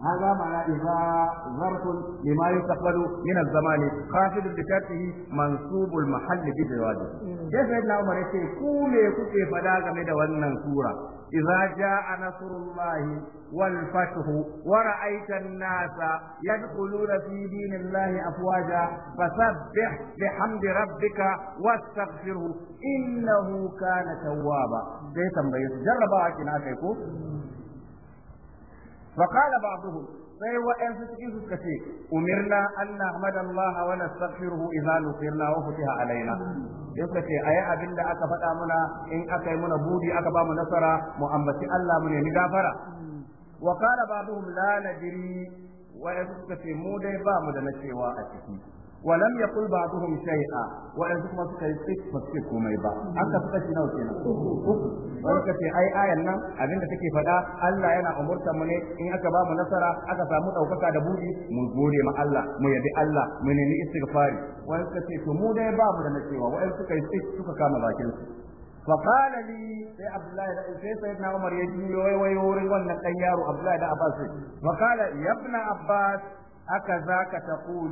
Speaker 1: هذا معنى إذا ظرف لما يستقبل من الزمان خافض بشرطه منصوب المحل بجواده كيف سيدنا عمر يقول كولي كوكي فداغ مدى ونن سورة إذا جاء نصر الله والفتح ورأيت الناس يدخلون في دين الله أفواجا فسبح بحمد ربك واستغفره إنه كان توابا sai tambaye su jarrabawa kina kai ko فقال بعضهم sai wa'yansu cikin su suka ce umirna an nahmada Allah wa nastaghfiruhu idza nusirna wa futiha alaina sai suka ce ayi abin da aka faɗa muna in aka yi muna budi aka ba mu nasara mu ambaci Allah mu nemi gafara wa qala ba'dhum la nadri wa suka mu dai ba mu da nacewa a ciki wa lam yaqul ba'dhum shay'a wa an kuma suka yi tsik ba suke komai ba aka suka shi nawa kenan wani ka ce ai ayan nan abin take faɗa Allah yana umurtar mu ne in aka bamu nasara aka samu ɗaukaka da buɗi mu gode ma Allah mu yabi Allah mu nemi istighfari wani ka mu dai da nacewa wa suka yi suka kama bakin su فقال لي سي عبد الله سي سيدنا عمر يجي وي وي وري wannan dan yaro Abdullahi da Abbas فقال يا ابن عباس أكذاك تقول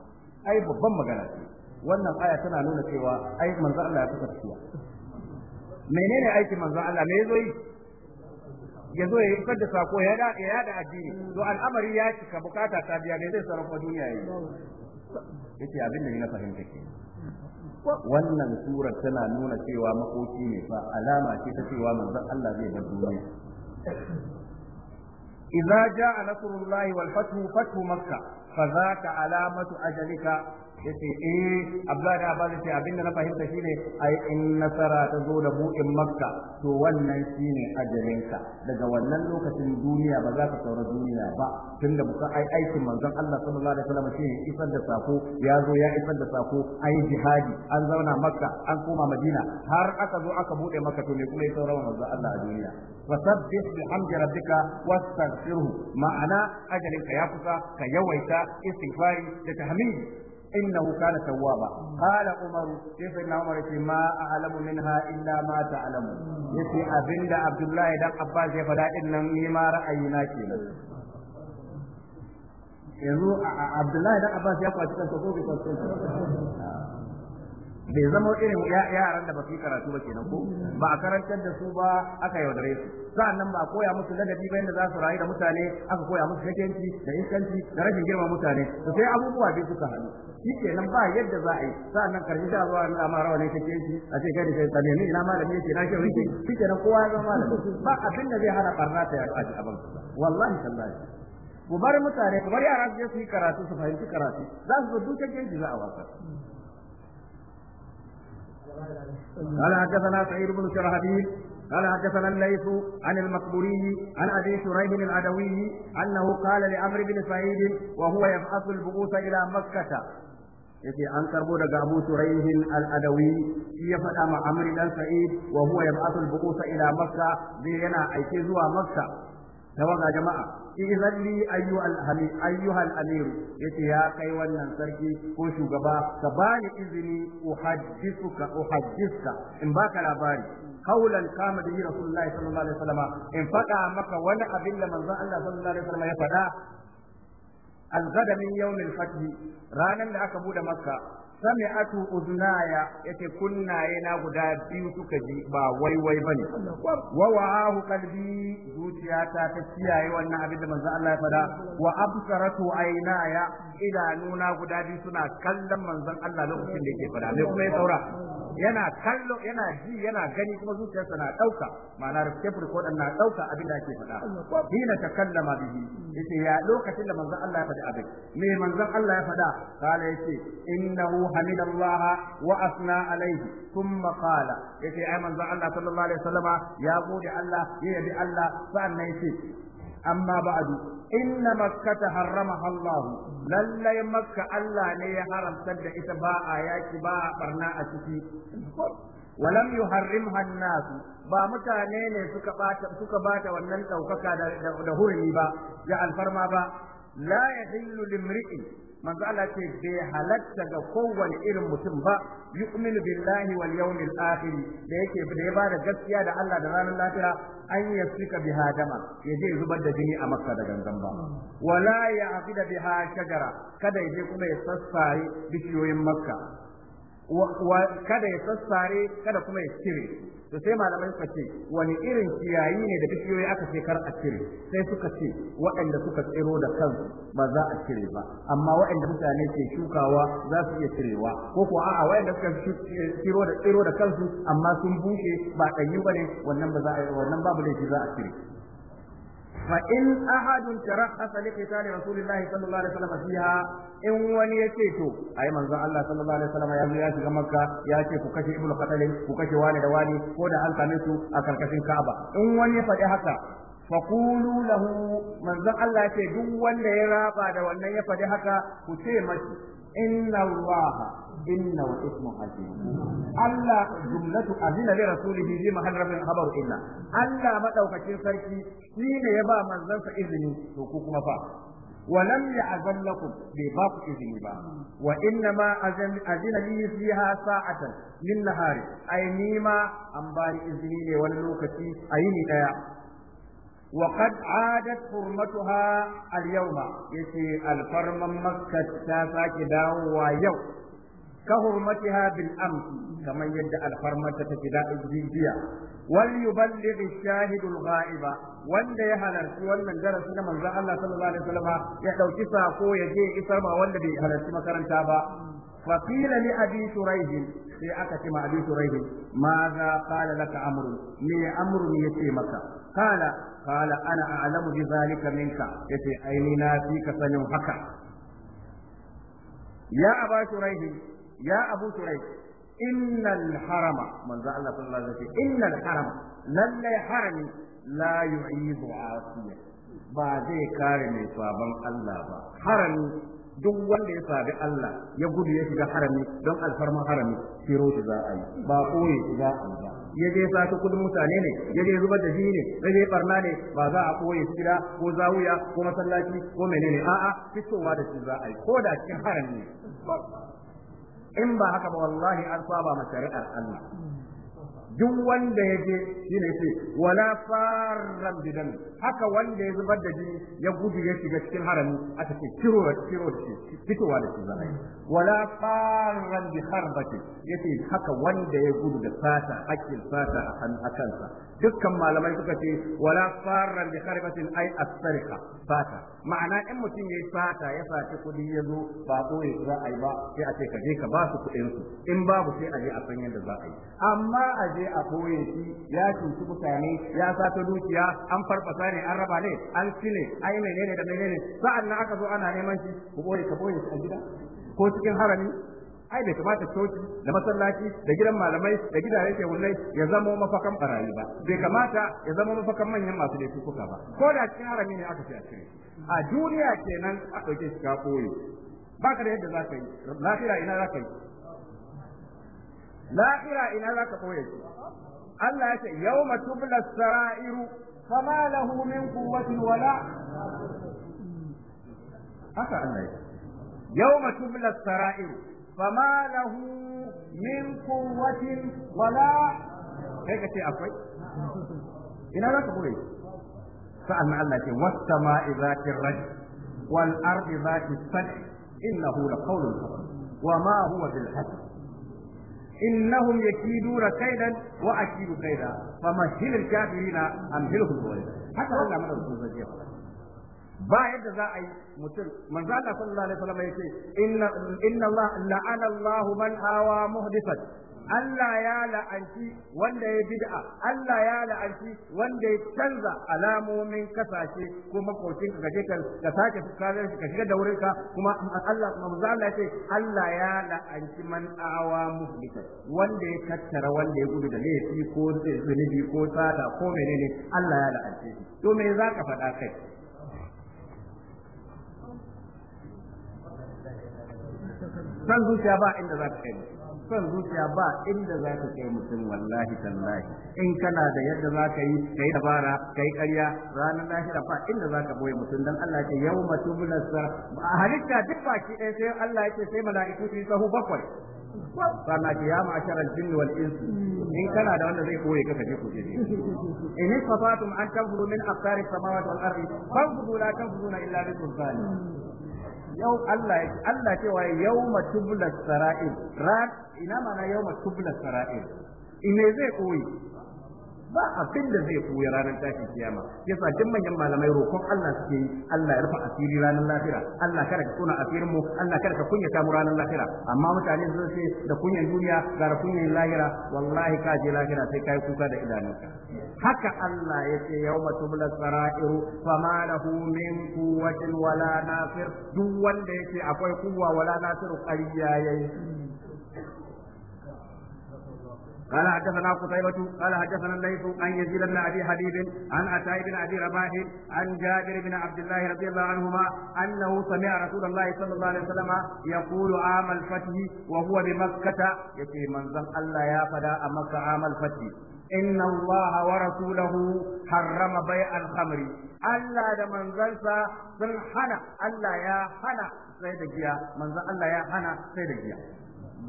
Speaker 1: ai babban magana ce wannan aya tana nuna cewa ai manzo Allah ya kusa tafiya menene aikin manzo Allah me yazo yi ya zo ya yi da sako ya da addini to al'amari ya cika bukata ta biya ne zai sarrafa duniya yi yace abin da ni na fahimta ke wannan surar tana nuna cewa makoki ne fa alama ce ta cewa manzo Allah zai bar duniya idza jaa nasrullahi wal fathu fathu makkah fa zaka alamatu ajalika yace eh Abdullahi da Abbas yace abinda na fahimta shine ai in nasara ta zo da buɗin Makka to wannan shine ajalinka daga wannan lokacin duniya ba za ka saura duniya ba tunda buka ai aikin manzon Allah sallallahu alaihi wasallam shine isar da sako ya zo ya isar da sako ai jihadi an zauna Makka an koma Madina har aka zo aka buɗe Makka to me kuma ya saura manzon Allah a duniya fasabbih bihamdi rabbika wastaghfirhu ma'ana ajalin ya kusa ka yawaita istighfari da tahmidi إنه كان توابا قال عمر كيف إن عمر ما أعلم منها إلا ما تعلم يسي أبن عبد الله دان عباس يفدا إنني ما رأينا كينا yanzu abdullahi dan abbas ya kwaci kansa ko bai zama irin yaran da ba su yi karatu ba kenan ko ba a karantar da su ba aka yaudare su sa'annan ba a koya musu ladabi ba yadda za su rayu da mutane aka koya musu shakenci da iskanci da rashin girma mutane to sai abubuwa bai suka hannu shi kenan ba yadda za a yi sa'annan karshe da zuwa na ma rawanin shakenci a ce kai da sai tsane ni ina malami yake na shi shi kenan kowa ya zama malami ba abin da zai hana barna ta yaɗu a abin wallahi tallahi ku bar mutane ku bar yara su je su yi karatu su fahimci karatu za su zo dukkan jeji za a wasa
Speaker 2: قال حدثنا
Speaker 1: سعيد بن شرهبيل قال حدثنا الليث عن المقبوري عن ابي شريح العدوي انه قال لعمرو بن سعيد وهو يبعث البعوث الى مكه yake an karbo daga Abu Suraihin al shi ya faɗa ma Amr dan Sa'id wa huwa yab'athu al-buqusa ila Makka zai yana aike zuwa Makka tawaga jama'a izalli ayyuhal amir ayyuhal amir yace ya kai wannan sarki ko shugaba ka bani izini uhaddithuka uhaddithuka in baka labari qawlan kama da rasulullahi sallallahu alaihi wasallam in faɗa maka wani abin da manzo Allah sallallahu alaihi wasallam ya faɗa al min yawmil fath ranan da aka bude makka sami'atu uznaya yace kunnayena yana guda biyu suka ji ba waiwai bane wa wa'ahu qalbi zuciyata ta kiyaye wannan abin da manzo Allah ya fada wa absaratu aynaya idanuna guda biyu suna kallon manzon Allah lokacin da yake fada me kuma ya saura yana kallo yana ji yana gani kuma zuciyarsa na dauka ma'ana rifkefur ko na dauka abin da ake faɗa hina takallama bihi yace ya lokacin da manzon Allah ya faɗi abin me manzon Allah ya faɗa kala yace innahu hamidallaha wa asna alaihi thumma qala yace ai manzon Allah sallallahu alaihi wasallama ya gode Allah ya yabi Allah sa'annan yace amma ba'du inna makkata harramaha Allah lallai makka Allah ne ya haramta da ita ba a yaki ba a barna a ciki walam yuharrimha an-nas ba mutane ne suka bata suka bata wannan daukaka da hurmi ba da alfarma ba la yahillu limri'in manzo Allah ce bai halatta ga kowane irin mutum ba yu'minu billahi wal yawmil akhir da yake da ya bada gaskiya da Allah da ranar lafiya an ya sika biha hadama ya je zubar da jini a makka da gangan ba wala ya bi biha shajara kada ya kuma ya sassare bishiyoyin makka kada ya sassare kada kuma ya cire to sai malamai suka ce wani irin ciyayi ne da bishiyoyi aka ce kar a cire sai suka ce waɗanda suka tsiro da kansu ba za a cire ba amma waɗanda mutane ke shukawa za su iya cirewa ko ko a'a waɗanda suka tsiro da tsiro da kansu amma sun bushe ba ɗayi bane wannan ba za a wannan babu laifi za a cire فإن أحد ترخص لقتال رسول الله صلى الله عليه وسلم فيها in wani ya ce to ai manzon Allah sallallahu alaihi wasallam ya zo ya shiga Makka ya ce ku kashe Ibnu Qatl ku kashe wani da wani ko da an su a karkashin kaba. in wani ya faɗi haka faqulu lahu manzon Allah ce duk wanda ya raba da wannan ya faɗi haka ku ce mashi inna Allah inna wa ismu hakim Allah jumlatu azina li rasulih bi mahal rabbil khabar illa Allah maɗaukacin sarki shine ya ba manzansa izini to ku kuma fa ولم يعزم لكم بباق إذن با وإنما أذن, أذن لي فيها ساعة من نهار أي نيما أنبار إذني ولوكتي أي نتايا وقد عادت حرمتها اليوم يسي الفرم مكة تاساك داو ويوم ka hurmatiha bil amsi kamar yadda alfarmarta ta da daɗin wal yuballigh ash-shahid al wanda ya halarci wannan darasi na manzon Allah sallallahu alaihi wasallam ya ɗauki sako ya je isar ma wanda bai halarci makaranta ba fa qila li abi sai aka ce ma abi shurayh ma laka amru me amru ne yace maka qala qala ana a'lamu bi zalika minka yace aini na fi ka sanin haka ya aba Raihin. ya abu shuraik innal harama manzo Allah sallallahu alaihi wasallam innal harama lalle harami la yu'idu ba zai kare mai sabon Allah ba harami duk wanda ya sabi Allah ya gudu ya shiga harami don alfarman harami firo shi za a yi ba koyi shi za a yi ba ya je sato kudin mutane ne ya je zubar da jini ne ya je barna ne ba za a koye shi gida ko zawuya ko masallaci ko menene a'a fitowa da shi za a yi ko da cikin harami ne in ba haka ba wallahi an saba ma shari'ar Allah duk wanda ya je shine yace wala farran bidan haka wanda ya zubar da jini ya gudu ya shiga cikin harami a ce kiro da kiro da shi fitowa da shi zai wala farran bi yace haka wanda ya gudu da fata hakkin fata a hannu akansa dukkan malamai suka ce wala farran bi kharbatin ai as fata ma'ana in mutum yayi fata ya faci kudi ya zo ba boye za a yi ba sai a ce ka je ka ba su kudin su in babu sai a je a san yadda za a yi amma a je sai a koye shi ya cuci mutane ya sato dukiya an farfasa ne an raba ne an cile ai menene da menene sa'an nan aka zo ana neman shi ku boye ka boye shi a gida ko cikin harami ai bai kamata coci da masallaci da gidan malamai da ke shehunai ya zama mafakan barayi ba bai kamata ya zama mafakan manyan masu laifuka ba ko da cikin harami ne aka ce a cire a duniya kenan aka ɗauke shi ka ba baka da yadda za ka yi lafiya ina za ka yi lahira ina za ka koye shi Allah ya ce yawma tubla sara'iru fama lahu min quwwatin wala haka Allah ya ce yawma tubla sara'iru fama lahu min quwwatin wala kai ka ce akwai ina za ka koye sa'an Allah ya ce was sama'i zatir rajm wal arzi ardi zati sad'i innahu laqawlun wa ma huwa bil hasb إنهم يكيدون كيدا وأكيد كيدا فمهل الكافرين أمهلهم كيدا حتى الله مدى رسول بعد ذا من ذاك صلى الله عليه وسلم يقول إن الله لعن الله من آوى مهدفا Allah ya la'anci wanda ya bid'a Allah ya la'anci wanda ya canza alamomin kasashe ko makocin ka gaje ka sake fuskarin ka shiga da wurinka kuma Allah mu zalla ce Allah ya la'anci man awa muhlika wanda ya tattara wanda ya gudu da laifi ko zunubi ko tsada ko menene Allah ya la'anci to me za ka faɗa kai san zuciya ba inda za ta kai son zuciya ba inda za ka kai mutum wallahi tallahi in kana da yadda za ka yi ka yi dabara ka yi ƙarya ranar lahira ba inda za ka boye mutum dan Allah ce yau mutum bulasa halitta duk baki ɗaya sai Allah ya ce sai mala'iku su yi sahu bakwai sana ke ya ma'asharar jinni wal insi in kana da wanda zai koye ka kaje kuje ne in istafatum an tanfuru min aqtari samawati da ardi fanfuru la tanfuruna illa bi sultani yau Allah Allah cewa yau tubla sara'il ra ina mana yauma tubla sara'il ine zai koyi ba abin da zai koyi ranar tashin kiyama yasa duk manyan malamai roƙon Allah suke yi Allah ya rufa asiri ranar lafira Allah kada ka tona asirin mu Allah kada ka kunya mu ranar lafira amma mutane sun ce da kunyan duniya ga da kunyan lahira wallahi ka je lahira sai kai kuka da idanunka haka Allah ya ce yawma tubla sarairu fama lahu min quwwatin wala nasir duk wanda yake akwai kuwa wala nasir ƙarya yayi قال حدثنا قتيبة قال حدثنا الليث عن يزيد بن أبي حبيب عن عطاء بن أبي رباح عن جابر بن عبد الله رضي الله عنهما أنه سمع رسول الله صلى الله عليه وسلم يقول عام الفتح وهو بمكة يتي منزل الله يا فدا أمك عام الفتح إن الله ورسوله حرم بيع الخمر ألا ده منزلسا سن حنا ألا يا حنا سيد الجيا منزل ألا يا حنا سيد الجيا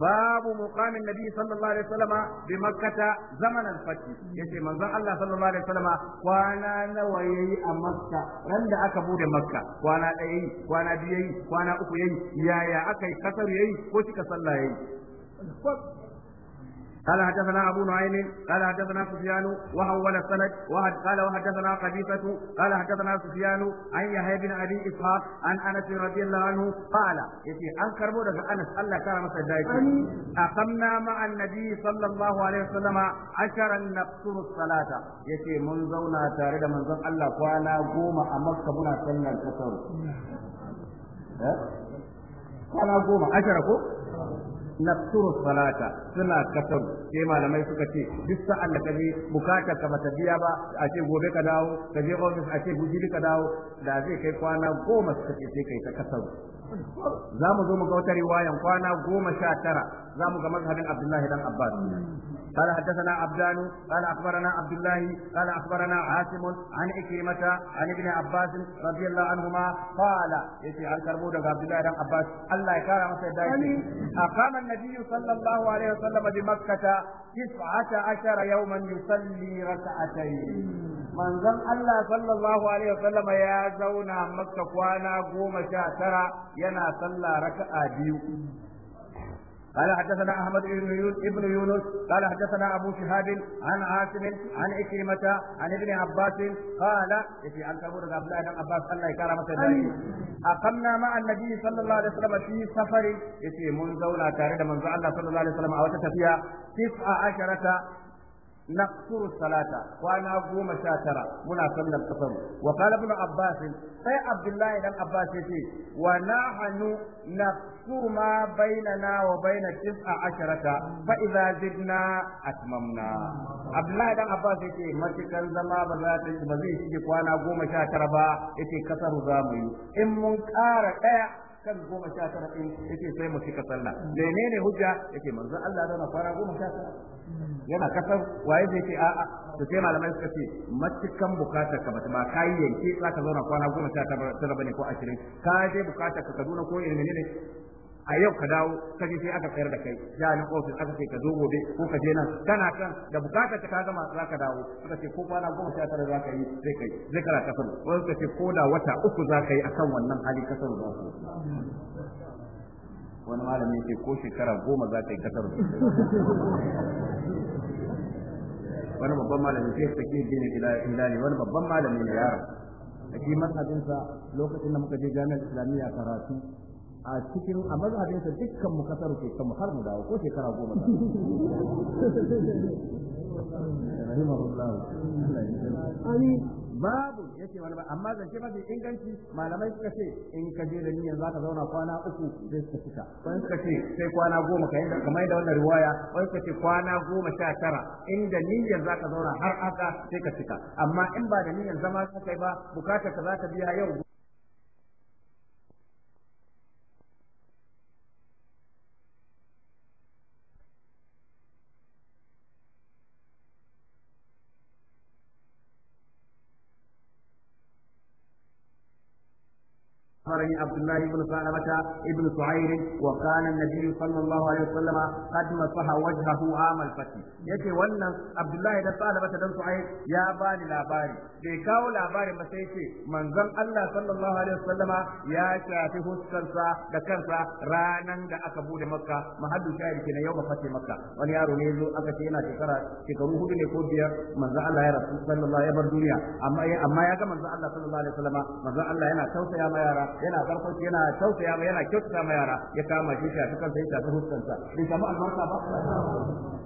Speaker 1: babu muqamin nabi sallallahu alaihi wasallama bi makkah zaman al-fath yace manzo allah sallallahu alaihi wasallama kwana nawa yayi a makka ran da aka bude makka kwana daya kwana biyu kwana uku yayi yaya akai kasar yayi ko cika ka sallah yayi قال حدثنا أبو نعيم قال حدثنا سفيان وحول السند قال وحدثنا قبيصة قال حدثنا سفيان عن يحيى بن أبي إسحاق عن أنس رضي الله عنه قال يتي أنكر بودة أنس الله كان مسجد أقمنا مع النبي صلى الله عليه وسلم عشرا نقصر الصلاة يتي من زونا تارد من زون الله قوانا قوم أمك منا سنة الكسر قوانا قوم عشرة turu salata suna kasar sai malamai suka ce duk sa'an da kaje bukatar ka bata biya ba a ce gobe ka dawo ka je office a ce ka dawo da zai kai kwana goma suka ce sai kai ta kasaru za mu zo mu ga wata riwayan kwana goma sha tara زامو كما ذهبين عبد الله بن عباس قال حدثنا عبدان قال اخبرنا عبد الله قال اخبرنا عاصم عن عكرمة عن ابن عباس رضي الله عنهما قال يتي عن كربود عبد الله بن عباس الله يكرم سيدنا اقام النبي صلى الله عليه وسلم بمكة تسعة عشر يوما يصلي ركعتين manzon Allah sallallahu alaihi wasallam ya zauna makka kwana goma sha tara yana sallah raka'a biyu قال حدثنا احمد بن يونس قال حدثنا ابو شهاب عن عاصم عن عكرمة عن ابن عباس قال في عن كبر عبد الله بن عباس الله يكرمه اقمنا مع النبي صلى الله عليه وسلم في سفر في منزولا تارد منزولا الله صلى الله عليه وسلم او تتفيا تسع عشرة نقصر الصلاة وانا قوم شاترة منا صلى القصر وقال ابن عباس اي عبد الله بن عباس ونحن نقصر ما بيننا وبين تسع عشرة فإذا زدنا أتممنا عبد الله بن عباس يتي ما تكن زما بذات بزي شيء وانا قوم شاترة با يتي كسر زامي إن منكار اي kan goma sha tara ɗin yake sai mu cika sallah menene hujja yake manzo Allah da na fara goma sha tara yana kasar waye zai ce a'a to sai malamai suka ce matukan bukatar ka bata ba kai yanke zaka zauna kwana goma sha tara bane ko ashirin ka je bukatar ka Kaduna ko irin ne a yau ka dawo ka je sai aka tsayar da kai ni ofis aka ce ka zo gobe ko ka je nan kana kan da bukatar ka zama za ka dawo suka ce ko kwana goma sha tara za ka yi zai kai zai kara kasar wani suka ce ko da wata uku za yi akan wannan hali kasar za ka
Speaker 2: yi
Speaker 1: wani malami ce ko shekara goma za ta yi kasar wani babban malami ke ta ke dini ilali wani babban malami ne yaro a ke mazhabinsa lokacin da muka je jami'ar islamiyya karatu a cikin a mazhabinsa dukkan mu kasar ke kanmu har mu dawo ko shekara goma za ta yi babu ce wani ba amma zance mafi inganci malamai suka ce in ka je da niyyar ka zauna kwana uku zai suka fita wani suka ce sai kwana goma ka yanda kamar da wannan riwaya wani suka ce kwana goma sha tara inda niyyar ka zauna har haka sai ka fita amma in ba da niyyar zama ka kai ba bukatar ka za ka biya yau أخبرني عبد الله بن سلمة ابن سعير وقال النبي صلى الله عليه وسلم قد مسح وجهه عام الفتح يتي ولن عبد الله بن سلمة بن سعير يا باني لاباري bai kawo labarin ba sai ce manzon Allah sallallahu alaihi wasallama ya shafi huskarsa da kansa ranan da aka bude maka mahallu shahid kenan yau ba fate makka wani yaro ne zo aka ce yana shekara shekaru hudu ne ko biyar manzon Allah ya rasu sallallahu ya bar duniya amma ya ga manzon Allah sallallahu alaihi wasallama manzon Allah yana tausaya ma yara yana barkwanci yana tausaya ma yana kyautata ma yara ya kama shi shafi kansa ya shafi huskansa bai samu albarka ba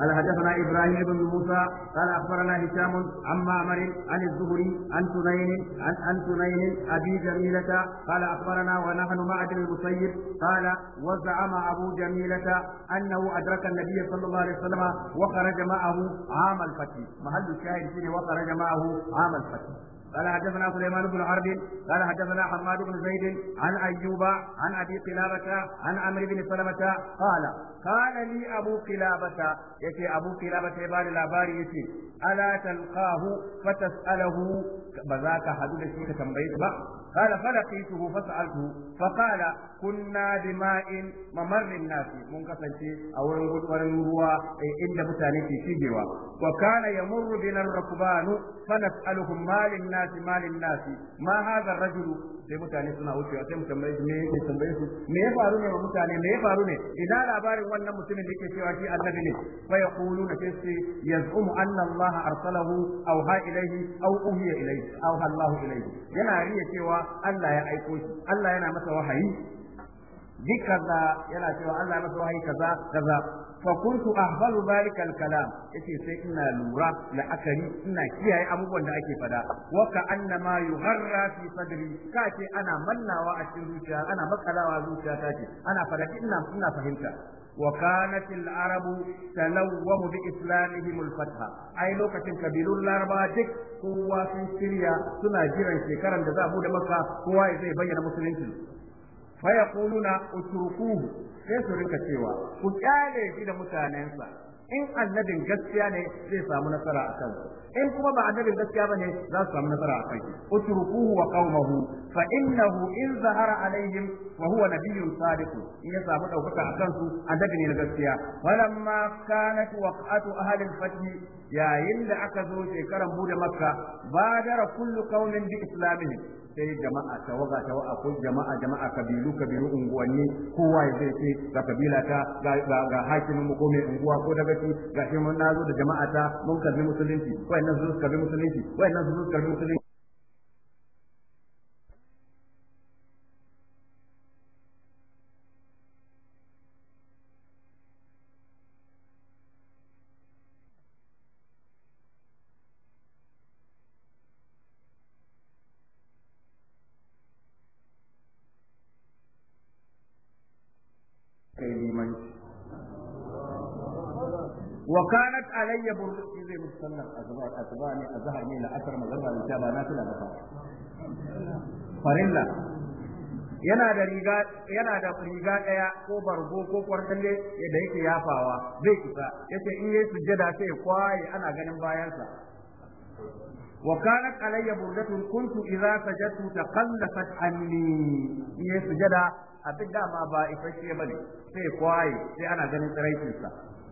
Speaker 1: قال حدثنا ابراهيم بن موسى قال اخبرنا هشام عن معمر عن الزهري عن سنين عن عن سنين ابي جميله قال اخبرنا ونحن مع ابن المسيب قال وزعم ابو جميله انه ادرك النبي صلى الله عليه وسلم وخرج معه عام الفتح محل الشاهد فيه وخرج معه عام الفتح قال حدثنا سليمان بن عرب قال حدثنا حماد بن زيد عن أيوب عن أبي قلابة عن عمرو بن سلمة قال قال لي أبو قلابة يتي أبو قلابة يبال الأبار يتي ألا تلقاه فتسأله ba za ka hadu da shi ka tambaye shi ba qala falaqituhu fasaltu fa qala kunna bima'in mamarrin nasi mun kasance a wurin gudwarin ruwa eh, inda mutane ke shigewa wa kana yamurru bina ar-rukbanu fa nas'aluhum ma lin nasi malin nasi ma hadha ar-rajulu sai mutane suna wucewa sai mu tambaye su me ya tambaye su me ya faru ne wa mutane me ya faru ne ina labarin wannan mutumin da yake cewa shi annabi ne fa yaquluna sai su yaz'umu anna Allah arsalahu aw ha ilayhi aw uhiya ilayhi aw Allah ilayhi yana riya cewa Allah ya aiko shi Allah yana masa wahayi duk kaza yana cewa Allah ya masa wahayi kaza kaza fa kuntu ahbalu zalika al yace sai ina lura la'akari ina kiyaye abubuwan da ake fada wa ka annama yugharra fi sadri ka ce ana mannawa a cikin zuciya ana makalawa ta ce ana fada ina ina fahimta وكانت العرب تلوم بإسلامهم الفتح أي لو كتن كبير العرب دك هو في سوريا سنة جيران شكرا جزاه مكة هو إذا بين مسلمين فيقولون اتركوه sai su rinka cewa ku kyale shi da mutanensa in annabin gaskiya ne zai samu nasara a kansu in kuma ba annabin gaskiya bane za su samu nasara a kansu utrukuhu wa qaumahu fa innahu in zahara alaihim wa huwa nabiyyun sadiq in ya samu daukaka a kansu annabi ne na gaskiya walamma kanat waqatu ahli al-fath yayin da aka zo shekaran bude makka badara kullu qaumin bi islamihim sai jama'a tawaga tawaga ko jama'a jama'a kabilu kabilu unguwanni kowa ya zai ce ga kabila ta ga hakimin mu ko mai unguwa ko daga ci ga shi mun nazo da jama'a ta mun kalli musulunci wayannan su kalli musulunci wayannan su kalli musulunci وكانت علي بر زي مستنى اتباعني اظهر من العشر مغرب ان شاء الله ما كنا بفا فرلا yana da riga yana da riga daya ko barbo ko kwartale da yake yafawa zai kusa yace in yayi sujjada sai kwai ana ganin bayansa wa kanat alayya burdatun kuntu idza sajadtu taqallafat anni in yayi sujjada a duk dama ba ifashe bane sai kwai sai ana ganin tsaraicinsa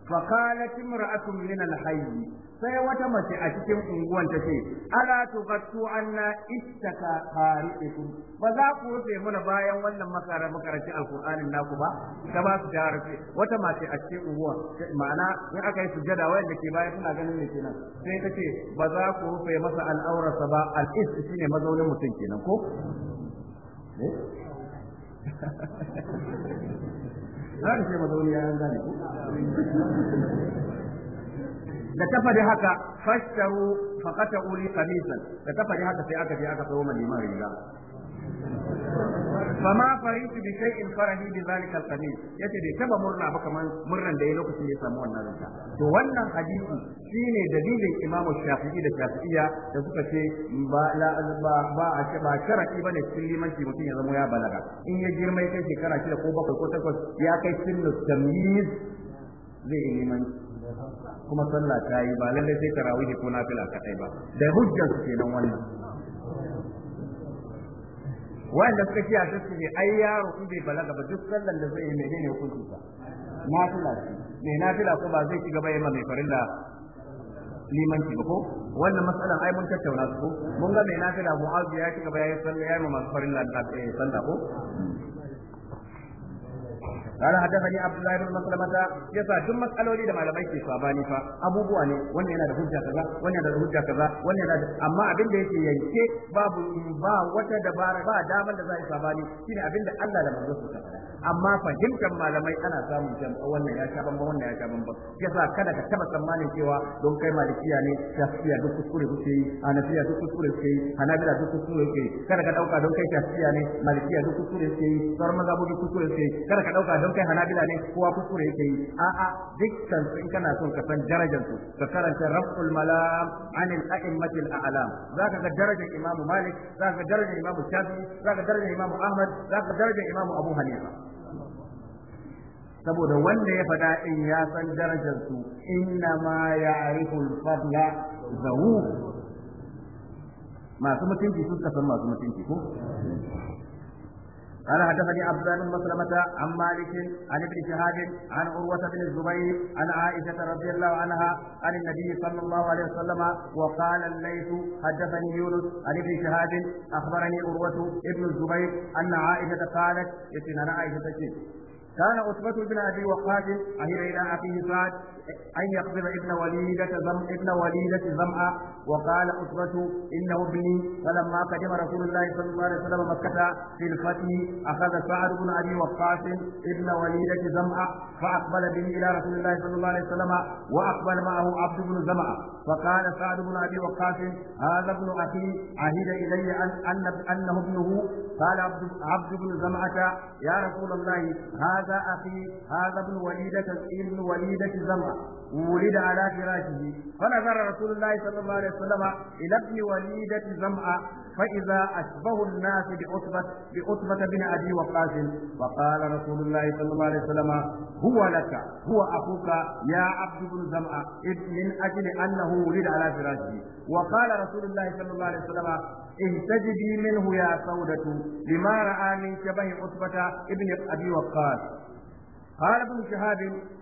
Speaker 1: فقالت امرأة من الحي sai wata mace a cikin unguwan ta ce ala tugattu anna istaka qari'ikum ba za ku rufe mana bayan wannan makara makaranci alqur'anin naku ba ta ba su da rufe wata mace a cikin unguwa ma'ana in aka yi sujada wanda ke bayan suna ganin ne kenan sai ta ce ba za ku rufe masa al'aurarsa ba al-ist shine mazaunin mutum kenan ko za ka ce mazauni ya gane ko da haka fashtaru fakata uli kamisan da ta faɗi haka sai aka je aka sayo ma liman riga فما فرحت بشيء فرحي بذلك القميص yace bai taba murna ba kamar murnan da ya lokacin da ya samu wannan rinka to wannan hadisi shine dalilin imamar Shafi'i da Shafi'iyya da suka ce ba la ba a ce ba sharadi bane cikin limanci mutum ya zama ya balaga in ya girma kai shekara shida ko bakwai ko takwas ya kai sinu tamyiz zai yi limanci kuma sallah ta yi ba lallai sai tarawih ko nafila kadai ba da hujjar kenan wannan wanda suka kiya a su ne ai yaro in bai balaga ba duk sallan da zai yi menene hukunci ba shi ne na tula ko ba zai ci gaba yamma mai da limanci ba ko wannan matsalan ai mun tattauna su ko mun ga mai tula mu'azu ya ci gaba yi sallah yayi masu farilla da eh, sallah ko قال حدثني عبد الله بن مسلمة يسا دم لي لما لم يكي صاباني فا أبو بواني وانا أنا ده كذا وانا أنا ده كذا وانا أنا ده أما أبن ده يكي ينكي باب با وتا دبار با داما ده زي صاباني كين أبين ده ألا لما زوجه كذا أما فهم كم ما لم يأنا سامو جم وانا يا شابان با وانا يا شابان با يسا كذا كتب سماني كيوا دون كي مالكيا ني شافيا دون كسكوري كي أنا فيها دو كسكوري كي أنا بلا دو كسكوري كي كذا كذا أوكا دون كي شافيا ني مالكيا دون كسكوري كي صار مذابو دون كسكوري كي كذا كذا أوكا in kai hanabila ne kowa kuskure yake yi a'a dukkan su in kana son ka san darajar su ka karanta raf'ul malam anil a'immatil a'lam zaka ga darajar imamu malik zaka ga darajar imamu shafi zaka ga darajar imamu ahmad zaka ga darajar imamu abu hanifa saboda wanda ya faɗa in ya san darajar su inna ma ya'riful fadla zawu masu mutunci sun san masu mutunci ko قال حدثني عبد بن مسلمة عن مالك عن ابن شهاب عن عروة بن الزبير عن عائشة رضي الله عنها عن النبي صلى الله عليه وسلم وقال الليث حدثني يونس عن ابن شهاب أخبرني عروة بن الزبير أن عائشة قالت أنا عائشة كان عتبة بن أبي وقاص أهل إلى أخيه سعد أن يقبض ابن وليدة زم ابن وليدة زمعة وقال عتبة إنه ابني فلما قدم رسول الله صلى الله عليه وسلم مكة في الفتح أخذ سعد بن أبي وقاص ابن وليدة زمعة فأقبل به إلى رسول الله صلى الله عليه وسلم وأقبل معه عبد بن زمعة فقال سعد بن أبي وقاص هذا ابن أخي عهد إلي أن أنه ابنه قال عبد, عبد بن زمعة يا رسول الله هذا أخي هذا ابن وليدة ابن وليدة زمعة ولد على فراشه فنظر رسول الله صلى الله عليه وسلم إلى ابن وليدة زمعة فإذا أشبه الناس بعتبة بعتبة بن أبي وقاص وقال رسول الله صلى الله عليه وسلم هو لك هو أخوك يا عبد بن زمعة من أجل أنه ولد على فراشه وقال رسول الله صلى الله عليه وسلم اهتجبي منه يا سودة لما رأى من شبه عتبة ابن أبي وقاص قال ابن شهاب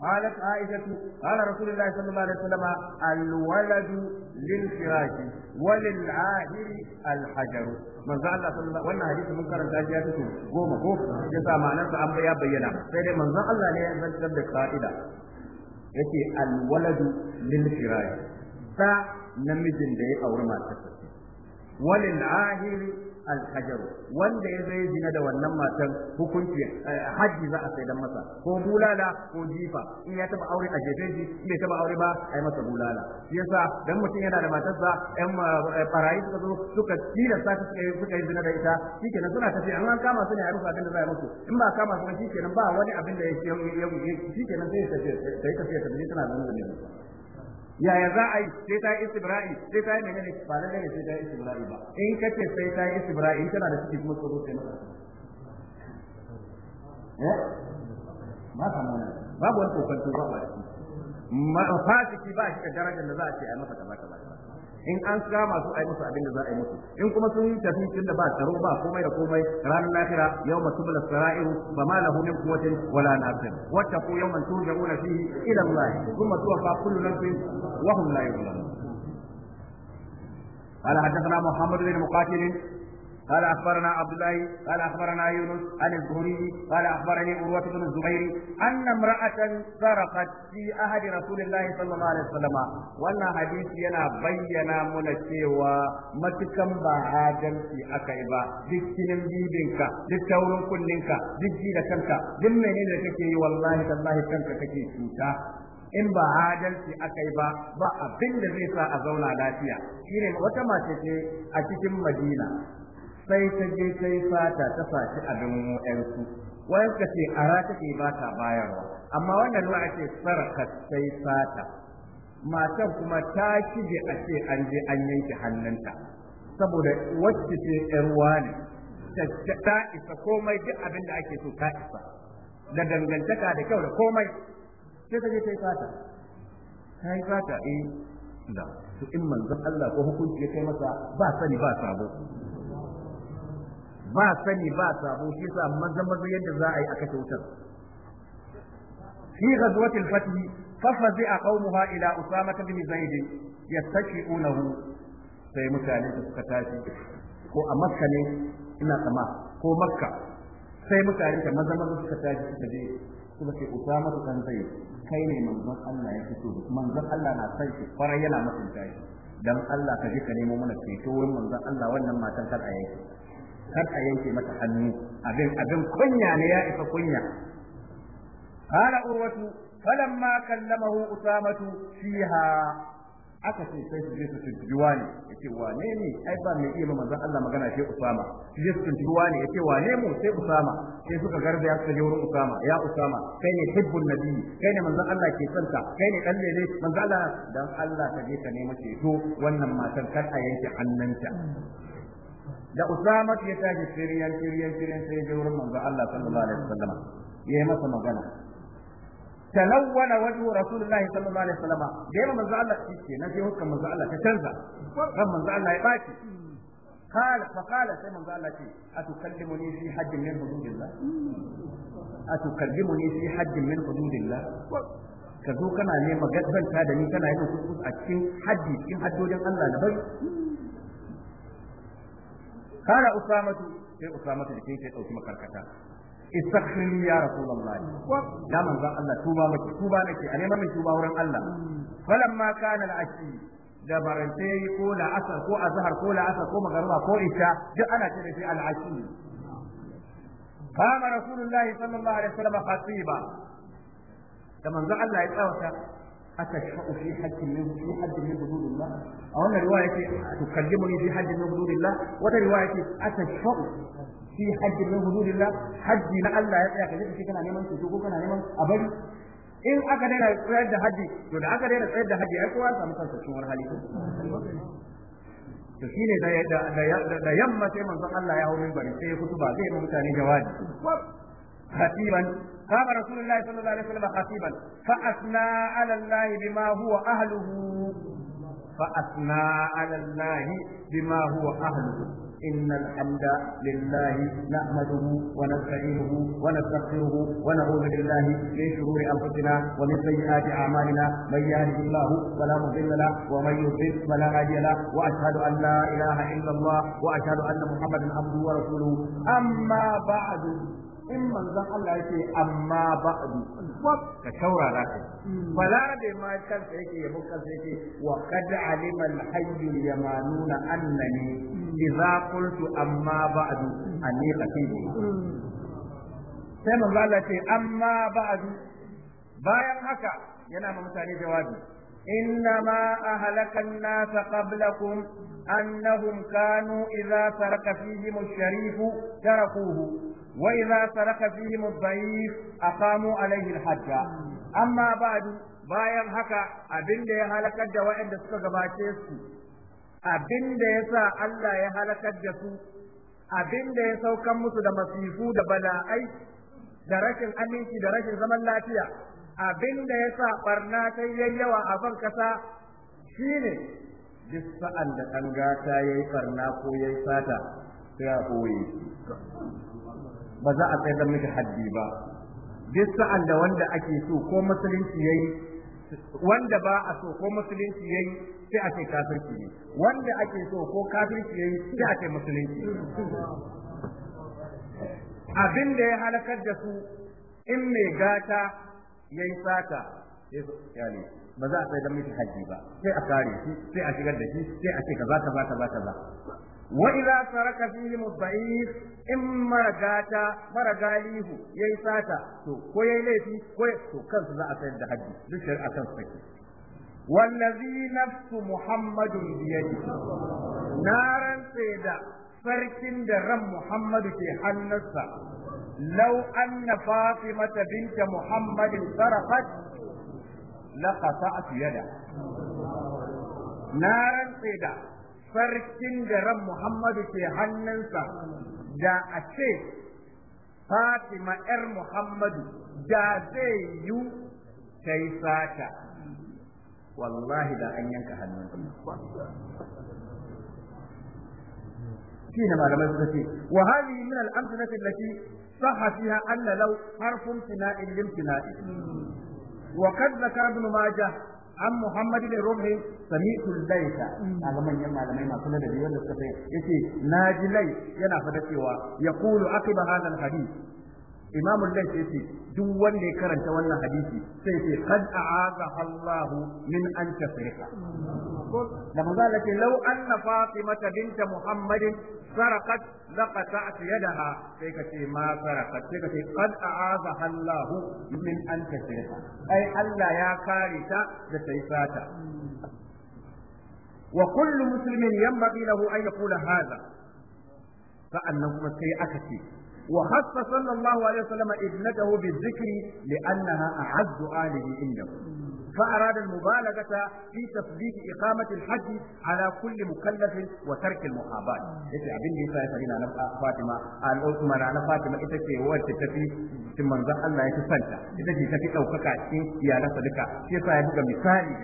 Speaker 1: قالت عائشة قال رسول الله صلى الله عليه وسلم الولد للفراش وللعاهر الحجر من زعل الله صلى الله وانا حديث من كرن تاجياته قوم قوم جزا معنى سعب يا بينا سيدي من زعل الله ليه من تبدأ قائدة يتي الولد للفراش تا نمجن دي أورما تسكي وللعاهر alhajaru wanda ya zai zina da wannan matan hukunci eh, haji za a saidan masa ko bulala ko jifa in ya taba aure a jefe shi in bai taba aure ba a masa bulala shi yasa dan mutum yana da matarsa yan barayi eh, suka zo suka tilasta sa suka yi zina da ita kenan suna tafi an kama su ne a rufa abin da za a musu in ba kama su ba shikenan ba wani abin da ya shikenan kenan ta tafi ta tafi tana zama da yaya za a yi sai ta yi isibra'i sai ta yi menene ba da ne sai ta yi isibra'i ba in ka ce sai ta yi isibra'i in tana da ciki kuma tsoro sai maka eh ma ta mana babu wani kokanto ba ba fasiki ba shi da darajar da za a ce a masa kaza kaza in an sa masu ai musu abin da za a yi musu in kuma sun tafi tun da ba tsaro ba komai da komai ranar lahira yau masu bala sara'iru ba ma lahu min kuwatin wala nasir wata ku yau man turja'una fihi ila Allah kuma tuwafa kullu nafsin wa hum la yuzlamun
Speaker 2: قال حدثنا محمد بن مقاتل
Speaker 1: قال اخبرنا عبد الله قال اخبرنا يونس عن الزهري قال اخبرني عروه بن الزبير ان امراه سرقت في احد رسول الله صلى الله عليه وسلم وان حديث ينا بينا من cewa matukan ba adalci akai ba duk kinin bibinka duk taurin kunninka duk ji kanka duk menene da take yi wallahi tallahi kanka kake cuta in ba adalci akai yi ba ba abin da zai sa a zauna lafiya shine wata mace ce a cikin madina sai ta je ta yi fata ta saci abin wa'yansu wayan ka ce ara ke ba ta bayarwa amma wannan ruwa ake sarka sai fata matan kuma ta shige a ce an je an yanke hannunta saboda wacce ce ruwa ne. ta isa komai duk abin da ake so ta isa da dangantaka da kyau da komai sai ta je ta yi fata ta yi fata eh da to in manzon Allah ko hukunci ya kai masa ba sani ba sabo ba sani ba sabo shi sa maza maza yadda za a yi aka wutar fi ghazwatil fatih a qaumuha ila usama bin zaid yastashi'unahu sai mutane suka tashi ko a makka ne ina kama ko makka sai mutane da maza maza suka tashi suka je suka ce usama kan zaid kai ne manzon Allah ya fito manzon Allah na sai shi farai yana mutunta shi dan Allah ka je ka nemo mana ceto wurin manzon Allah wannan matan kar a yake kar a yanke mata hannu abin abin kunya ne ya isa kunya qala urwatu falamma kallamahu usamatu fiha aka ce sai su je su tuntubi wani ya ce wane ne ai ba mai iya ma manzon Allah magana sai Usama su je su tuntubi wani ya ce wane mu sai Usama sai suka garzaya suka je wurin Usama ya Usama kai ne hibbun nabi kai ne manzon Allah ke son ka kai ne dan ne manzon Allah dan Allah ka je ka nemi ceto wannan matan kar a yanke hannunta da Usama ya tashi siriyan siriyan siriyan sai ya wurin manzo Allah sallallahu alaihi wasallam yayi masa magana talawwala wajhu rasulullah sallallahu alaihi wasallam da yayin manzo Allah shi na sai hukkan manzo Allah ta canza ran manzo Allah ya baki قال فقال سيما قال لك أتكلمني في حج من حدود الله أتكلمني في حج من حدود الله ka zo kana nema gazbanta da ni kana yin kuskus a cikin haddi cikin haddodin Allah na kana usamatu sai usamatu da kai dauki makarkata istaghfirni ya rasulullahi ya manzon Allah a neman min tuba wurin Allah falamma kana al da barante ko la asar ko azhar ko la asar ko magariba da shi قام رسول الله صلى الله عليه وسلم خطيبا Allah ya tsawata أتشفأ في حد من في حد من حدود الله أو أن رواية تكلمني في حد من حدود الله وترواية أتشفأ في حد من حدود الله حد لا الله يا كذا neman كان ko سجوك كان نيمان أبدي in aka daina tsayar da haji to da aka daina tsayar da haji ai kowa samu kansa cikin wani hali to shine da da yamma sai manzon Allah ya hawo bari sai ya kutuba zai yi mutane jawabi خطيبا قام رسول الله صلى الله عليه وسلم خطيبا فأثنى على الله بما هو أهله فأثنى على الله بما هو أهله إن الحمد لله نحمده ونستعينه ونستغفره ونعوذ بالله من شرور أنفسنا ومن سيئات أعمالنا من يهده الله فلا مضل له ومن يضلل فلا هادي له وأشهد أن لا إله إلا الله وأشهد أن محمدا عبده ورسوله أما بعد in manzon Allah yake amma ba'du ka shaurara ka balarabe ma kansa yake yabo kansa yake wa qad alima al-hayy yamanuna annani idza qultu amma ba'du anni qatibu sai manzon Allah ce amma ba'du bayan haka yana ma mutane jawabi إنما أهلك الناس قبلكم أنهم كانوا إذا ترك فيهم الشريف تركوه وإذا سرق فيهم الضعيف أقاموا عليه الحج أما بعد bayan haka abin da ya halakar da waɗanda suka gabace su abin da ya sa Allah ya halakar da su abin da ya saukan musu da masifu da bala'ai da rashin aminci da rashin zaman lafiya abin da ya sa barna ta yayyawa a ban kasa shine duk sa'an da ɗan gata ya yi ko ya yi sata sai ɓoye ba za a tsayar da miki haddi ba duk sa'an da wanda ake so ko musulunci yayi wanda ba a so ko musulunci yayi sai a ce kafirci ne wanda ake so ko kafirci yayi sai a ce musulunci abin da ya halakar da su in mai gata yayi sata yayi ba za a tsayar da miki haddi ba sai a kare shi sai a shigar da shi sai a ce ka ka ka ba ka ba. وإذا سرك فيهم الضعيف إما رجاتا فرجاليه يساتا تو كوي ليفي كوي تو كان ذا أسد حدي ذكر أكن سكي والذي نفس محمد بيده نارا سيدا فركن درم محمد في حنسا لو أن فاطمة بنت محمد سرقت لقطعت يده نارا سيدا sarkin da ran Muhammadu ke hannunsa da a ce Fatima ‘yar Muhammadu da zai yi ta yi sata, wallahi da an yanka hannun شين ما لم يستطيع وهذه من الأمثلة التي صح فيها أن لو حرف امتناء لامتناء وقد ذكر ابن ماجه an Muhammad bin Ruhi sami'tu al-Laysa manyan malamai masu ladabi wanda suka ce yace naji lai yana fada cewa yaqulu aqiba hadha hadith imamu dan ke ce duk wanda ya karanta wannan hadisi sai ce qad a'aaka Allah min an tafrika da manzo Allah ce law anna fatimata binta muhammadin sarqat laqata'at yadaha sai ka ce ma sarqat sai ka ce qad a'aaka Allah min an tafrika ai Allah ya kare ta
Speaker 2: da sai sata
Speaker 1: wa kullu muslimin yanbaghi lahu an yaqula sa'annan kuma sai aka ce وخص صلى الله عليه وسلم ابنته بالذكر لأنها أعز آله عنده فأراد المبالغة في تثبيت إقامة الحج على كل مكلف وترك المحابات. إذا أبن ليسا يسألين أنا فاطمة أن أوتما أنا فاطمة إذا كي هو تتفي ثم ذا الله يتسلى إذا كي تفي أو كاكا إن يا لسلك كيف يبقى مثالي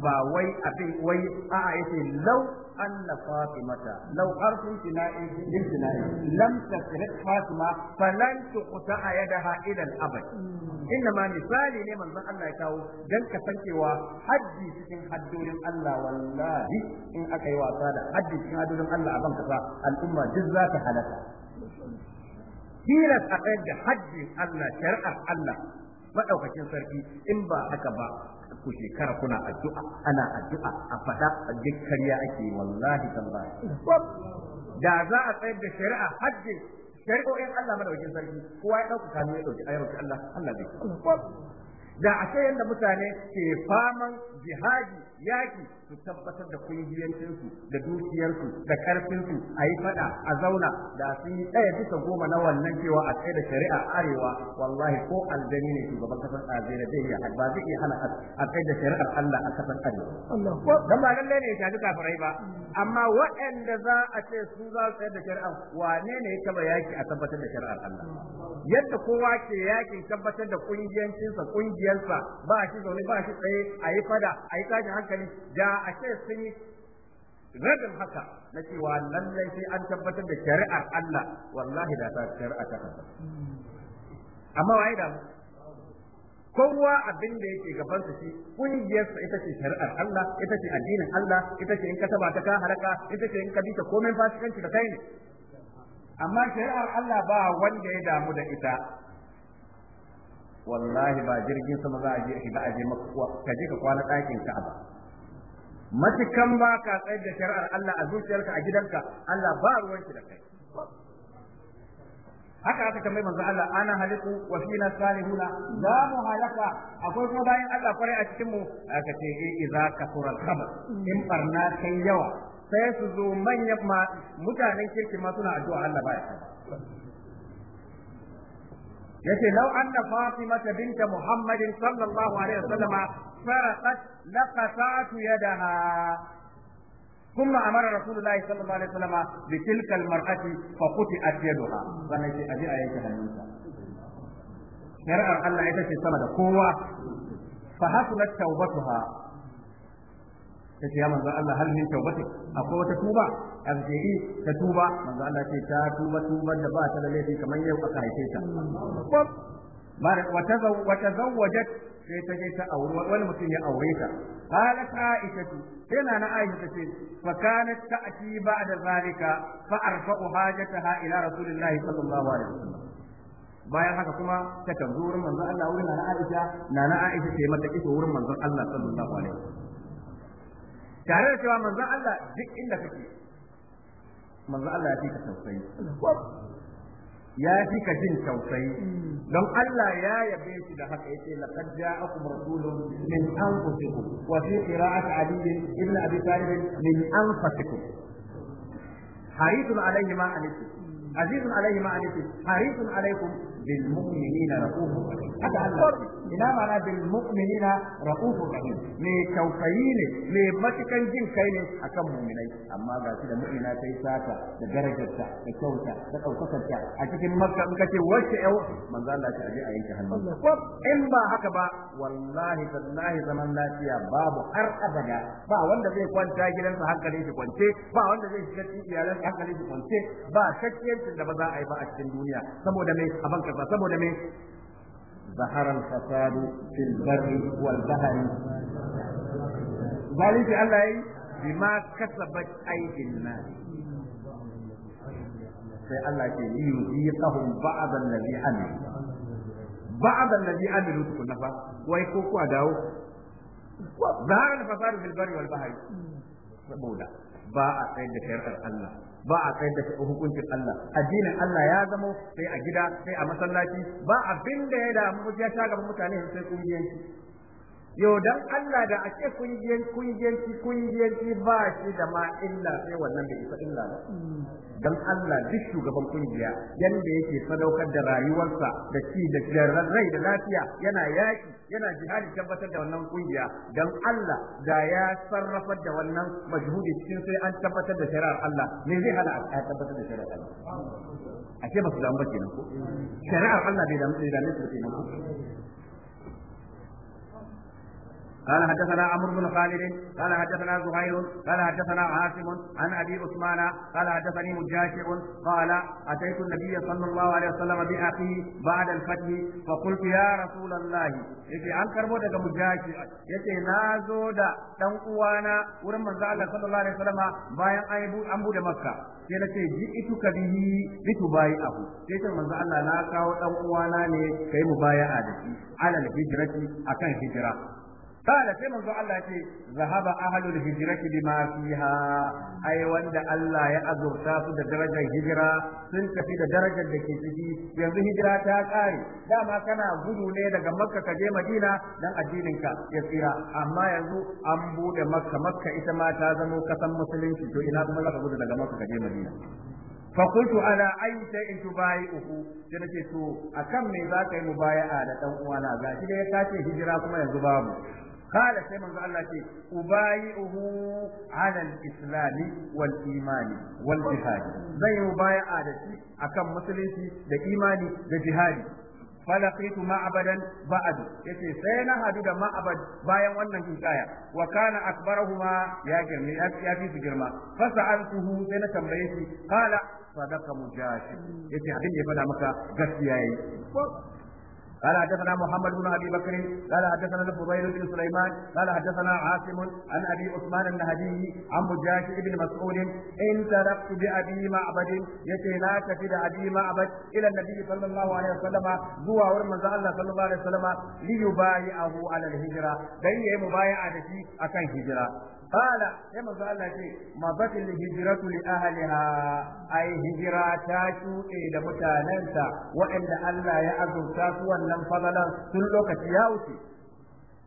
Speaker 1: ba wai abin wai a'a yace lau أن فاطمة لو أرض امتناء لم تسرق فاطمة فلن تقطع يدها إلى الأبد إنما مثال لما من الله يكاو دل كسنكي وحدي سكين حدور الله والله إن أكي وأصادا حجي سيكون حدور الله أبن كفا الأمة جزا تحلتا tilas a حجي da hajjin الله ما Allah maɗaukacin إن با ba ku shekara kuna addu'a ana addu'a a fada a duk ake wallahi tallahi da za a tsayar da shari'a haddin shari'o'in Allah madaukakin sarki kowa ya dauka kanu ya dauki ayyukan Allah Allah zai da a sai yanda mutane ke faman jihadi yaki su tabbatar da kungiyancinsu da dukiyarsu da karfinsu a yi fada a zauna da sun yi ɗaya bisa goma na wannan cewa a tsaye da shari'a arewa wallahi ko aljani ne shugaban kasar Najeriya zai iya ba zai iya hana a tsaye da shari'ar Allah a kasar arewa. Dan ba lalle ne ya shafi kafirai ba amma waɗanda za a ce su za su tsaye da shari'ar wane ne ya taba yaki a tabbatar
Speaker 2: da shari'ar Allah.
Speaker 1: Yadda kowa ke yakin tabbatar da kungiyancinsa kungiyarsa ba shi zaune ba shi tsaye a yi fada a yi tashin hankali da a ce sun yi radin haka na cewa lallai sai an tabbatar da shari'ar Allah wallahi da ta shari'a ta kasa amma waye da kowa abin da yake gaban su shi sa ita ce shari'ar Allah ita ce addinin Allah ita ce in ka taba ta ka haraka, ita ce in ka bi ta komai fasikanci da kai ne amma shari'ar Allah ba wanda ya damu da ita wallahi ba jirgin sama za a je shi a aje maka kuwa ka je ka kwana ɗakin ba matukan ba ka tsayar da shari'ar Allah a zuciyarka a gidanka Allah ba ruwan shi da kai haka aka tambayi manzo Allah ana haliku wa fina salihuna za mu halaka akwai kuma bayan Allah kwarai a cikin mu aka ce eh, idza kasura al-khabar in barna kai yawa sai su zo manyan mutanen kirki ma suna addu'a Allah baya yace law anna fatima binta muhammadin sallallahu alaihi wasallama سرقت لقطعت يدها ثم امر رسول الله صلى الله عليه وسلم بتلك المراه فقطعت يدها فنجي اجي ايتها النساء شرع الله يتشي سما ده كوا فحصلت توبتها ta ce ya manzo Allah hal min tawbati wata tuba alheri ta tuba manzo Allah ce ta tuba tuban da ba ta da kamar yau aka haife ta وتزوجت sai ta je ta auri wani mutum ya aure ta qalat aisha sai na aisha ta ce fa kanat ta'ti ba'da zalika fa arfa'u hajataha ila rasulillahi sallallahu alaihi wasallam bayan haka kuma ta kan wurin manzon Allah wurin na Aisha na na Aisha ce mata kike wurin manzon Allah sallallahu alaihi wasallam tare da cewa manzon Allah duk inda kake manzon Allah ya fi ka tausayi ya fi ka jin tausayi don Allah ya yabe shi da haka yace laqad ja'akum rasulun min anfusikum wa fi qira'at ali ibn abi talib
Speaker 2: min anfusikum
Speaker 1: harithun alayhi ma anikum azizun alayhi ma anikum harithun alaykum bil mu'minina raufur haka Allah ina mana bil mu'minina raufur rahim me tausayi ne me matukan jin kai ne A kan mu'minai amma ga shi da mu'mina sai sata da darajarta da kyauta da daukakarta a cikin makka in kace wacce yau manzo Allah ta aje a yanke hannu in ba haka ba wallahi tallahi zaman lafiya babu har abada ba wanda zai kwanta gidansa hankalin shi kwance ba wanda zai shiga cikin iyalansa hankalin kwance ba shakkiyancin da ba za a yi ba a cikin duniya saboda mai abanka كفا سبو دمي ظهر الفساد في البر والبحر ذلك الله إيه؟ بما كسبت ايدي الناس في الله ليذيقهم بعض الذي عمل بعض الذي عمل لطفوا النفع ويكوكوا داو ظهر الفساد في البر والبحر سبو ba a tsayar da shari'ar Allah ba a tsayar da hukuncin Allah addinin Allah ya zama sai a gida sai a masallaci ba abin da ya damu ya ta gaban mutane sai kungiyanci yau dan Allah da ake kungiyan kungiyanci kungiyanci ba shi da ma illa sai wannan bai isa illa ba dan Allah duk shugaban kungiya yanda yake sadaukar da rayuwarsa da ci da rai da lafiya yana yaki yana jihadi tabbatar da wannan kungiya dan Allah da ya sarrafa da wannan majhudi cikin sai an tabbatar da shari'ar Allah ne zai hana a tabbatar da shari'ar Allah ashe ba su damu ba kenan ko shari'ar Allah bai damu bai damu su kenan ko قال حدثنا عمرو بن خالد قال حدثنا زهير قال حدثنا عاصم عن ابي عثمان قال حدثني مجاشع قال اتيت النبي صلى الله عليه وسلم باخيه بعد الفتح فقلت يا رسول الله yace an karbo daga mujaki yace na zo da ɗan uwana wurin a Allah sallallahu alaihi wasallam bayan an bude makka sai na ce ji itu ka bihi bi bayi abu sai ce manzo Allah na kawo dan uwana ne kai mubaya'a da shi alal hijrati akan hijira kala sai manzo Allah ce zahaba ahlul hijrati bima fiha ai wanda Allah ya azurta su da darajar hijira sun tafi da darajar da ke ciki yanzu hijira ta kare dama kana gudu ne daga makka ka je madina dan addinin ka ya tsira amma yanzu an bude makka makka ita ma ta zamo kasan musulunci to ina kuma za ka gudu daga makka ka je madina فقلت على اي شيء تبايعه sai ce to akan me za ka yi mubaya'a da dan uwana gashi ya tace hijira kuma yanzu babu kala sai manzo Allah ce ubayihu ala al-islam wal iman wal jihad zai mubaya'a da shi akan musulunci da imani da jihadi falaqitu ma'abadan ba'd yace sai na hadu da ma'abad bayan wannan hikaya wa kana akbaruhuma ya girmi ya fi girma fa sa'altuhu sai na tambaye shi qala sadaka mujahid yace abin da ya faɗa maka gaskiya yayi قال حدثنا محمد بن ابي بكر قال حدثنا الفضيل بن سليمان قال حدثنا عاصم عن ابي عثمان النهدي عن مجاهد بن مسعود ان تركت بابي معبد يتي لا تفد ابي معبد الى النبي صلى الله عليه وسلم زوا ورمى الله صلى الله عليه وسلم ليبايعه على الهجره بين مبايعه akan hijira قال يا كما قال شيء ما بات الهجرة لأهلها أي هجرة تاتو إلى متاننتا وإن الله يأذر تاتو أن فضلا تلوك تياوتي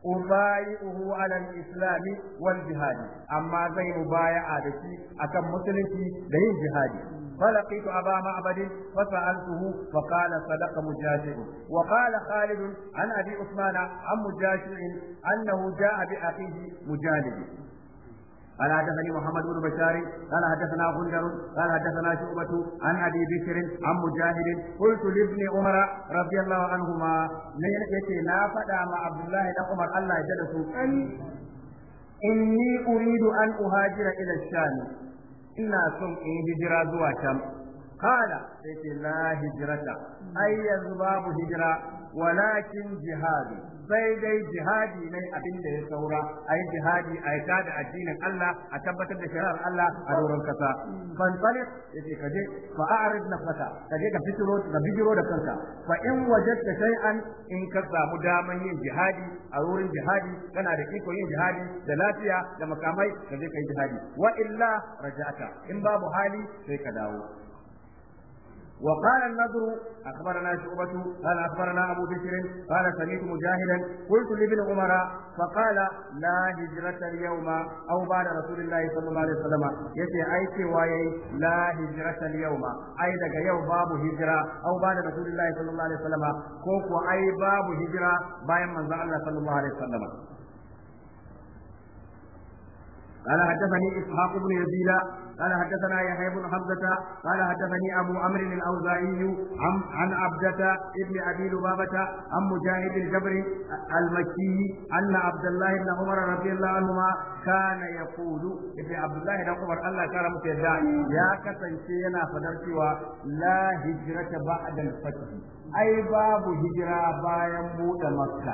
Speaker 1: أبايعه على الإسلام والجهاد أما زي مبايع آدتي أكم مسلمتي لين جهادي فلقيت أبا معبد فسألته فقال صدق مجاشع وقال خالد عن أبي عثمان عن مجاشع أنه جاء بأخيه مجانب قال حدثني محمد بن بشار قال حدثنا غندر قال حدثنا شعبة عن أبي بشر عن مجاهد قلت لابن عمر رضي الله عنهما من يتي لا فدا مع عبد الله بن عمر الله يجلسه إني أريد أن أهاجر إلى الشام إن أصم إن هجرة زوا قال يتي لا هجرة أي باب هجرة ولكن جهاد sai dai jihadi ne abin da ya saura a yi jihadi a yaka da addinin Allah a tabbatar da shari'ar Allah a doron kasa ban tsalik yace kaje fa a'rid na kaje ka je ka bijiro da kanka fa in sai shay'an in ka samu daman yin jihadi a wurin jihadi kana da iko yin jihadi da lafiya da makamai kaje yi jihadi wa illa raja'ata in babu hali sai ka dawo وقال النضر أخبرنا شعبة قال أخبرنا أبو بكر قال سمعت مجاهدا قلت لابن عمر فقال لا هجرة اليوم أو بعد رسول الله صلى الله عليه وسلم يتي أي سواي لا هجرة اليوم أي دقا يوم باب هجرة أو بعد رسول الله صلى الله عليه وسلم كوكو أي باب هجرة باين من الله صلى الله عليه وسلم قال حدثني إسحاق بن يزيد قال حدثنا يحيى بن حمزة قال حدثني أبو عمرو الأوزاعي عن عن عبدة ابن أبي لبابة عن مجاهد الجبري المكي أن عبد الله بن عمر رضي الله عنهما كان يقول ابن عبد الله بن عمر الله كان متدعي يا كسنسينا فدرتي لا هجرة بعد الفتح أي باب هجرة بايم مكة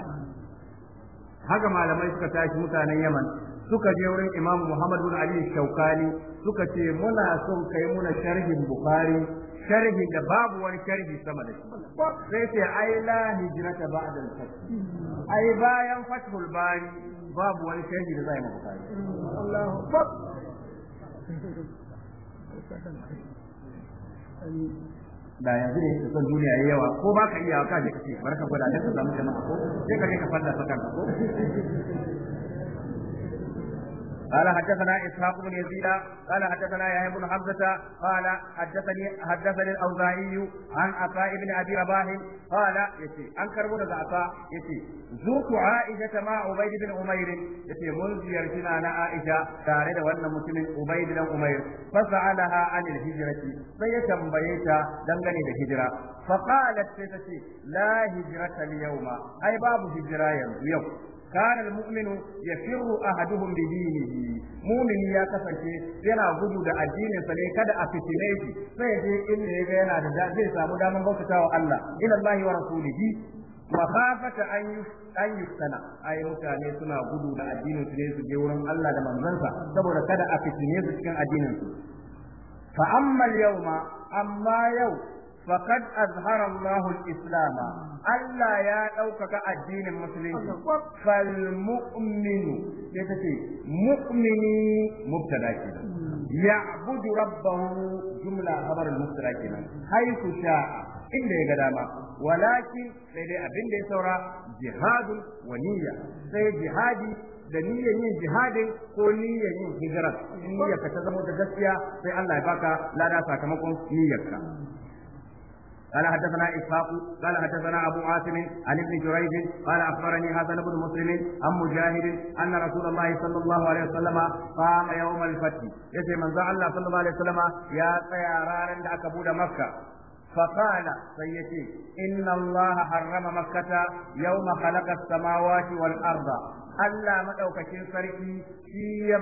Speaker 1: haka malamai suka tashi mutanen Yaman suka je wurin Imam Muhammad bin Ali Shaukani suka ce muna son kai muna sharhin Bukhari sharhi da babu wani sharhi sama da shi sai ce ai la hijrata ba'da al-fath ai
Speaker 2: bayan fathul bari
Speaker 1: babu wani sharhi da zai Bukhari Allahu akbar da yanzu ne kusan duniya ya yawa ko ba ka iya ka je ka ce barka gwada da ka samu jama'a ko sai ka je ka fada fakan ko قال حدثنا اسحاق بن يزيد قال حدثنا يحيى بن حمزه قال حدثني حدثني الاوزاعي عن عطاء بن ابي رباح قال يتي ان كربو daga عطاء يتي زرت عائشه مع عبيد بن عمير يتي من زيارتنا انا عائشه tare da wannan mutumin عبيد بن عمير فسالها عن الهجره sai ya tambaye ta dangane da hijira فقالت sai ta ce la hijrata al yawma ai babu hijira yanzu yau kana almu'minu yafirru ahaduhum bi dinihi mu'mini ya kasance yana gudu da addininsa ne kada a fitine shi sai je inda yaga yana da zai samu damar bautawa Allah ila Allah wa rasulihi makafata an an yuftana ai mutane suna gudu da addinin su ne su je wurin Allah da manzansa saboda kada a fitine su cikin addininsu, su yau ma amma yau Bakat azhara Allah al Allah ya ɗaukaka addinin musulunci fal mu'minu sai ta ce mu'mini mubtada kenan ya'budu jumla khabar al-mubtada kenan sha'a inda ya ga dama walakin sai dai abin da ya saura jihadu wa sai jihadi da niyyar yin jihadin ko niyyar yin hijira in niyyarka ta zama da gaskiya sai Allah ya baka lada sakamakon niyyarka قال حدثنا إسحاق قال حدثنا أبو عاصم عن ابن جريج قال أخبرني حسن بن مسلم عن مجاهد أن رسول الله صلى الله عليه وسلم قام يوم الفتح يسي من الله صلى الله عليه وسلم يا سياران دعك مكة فقال سيتي إن الله حرم مكة يوم خلق السماوات والأرض Allah maɗaukakin sarki shi ya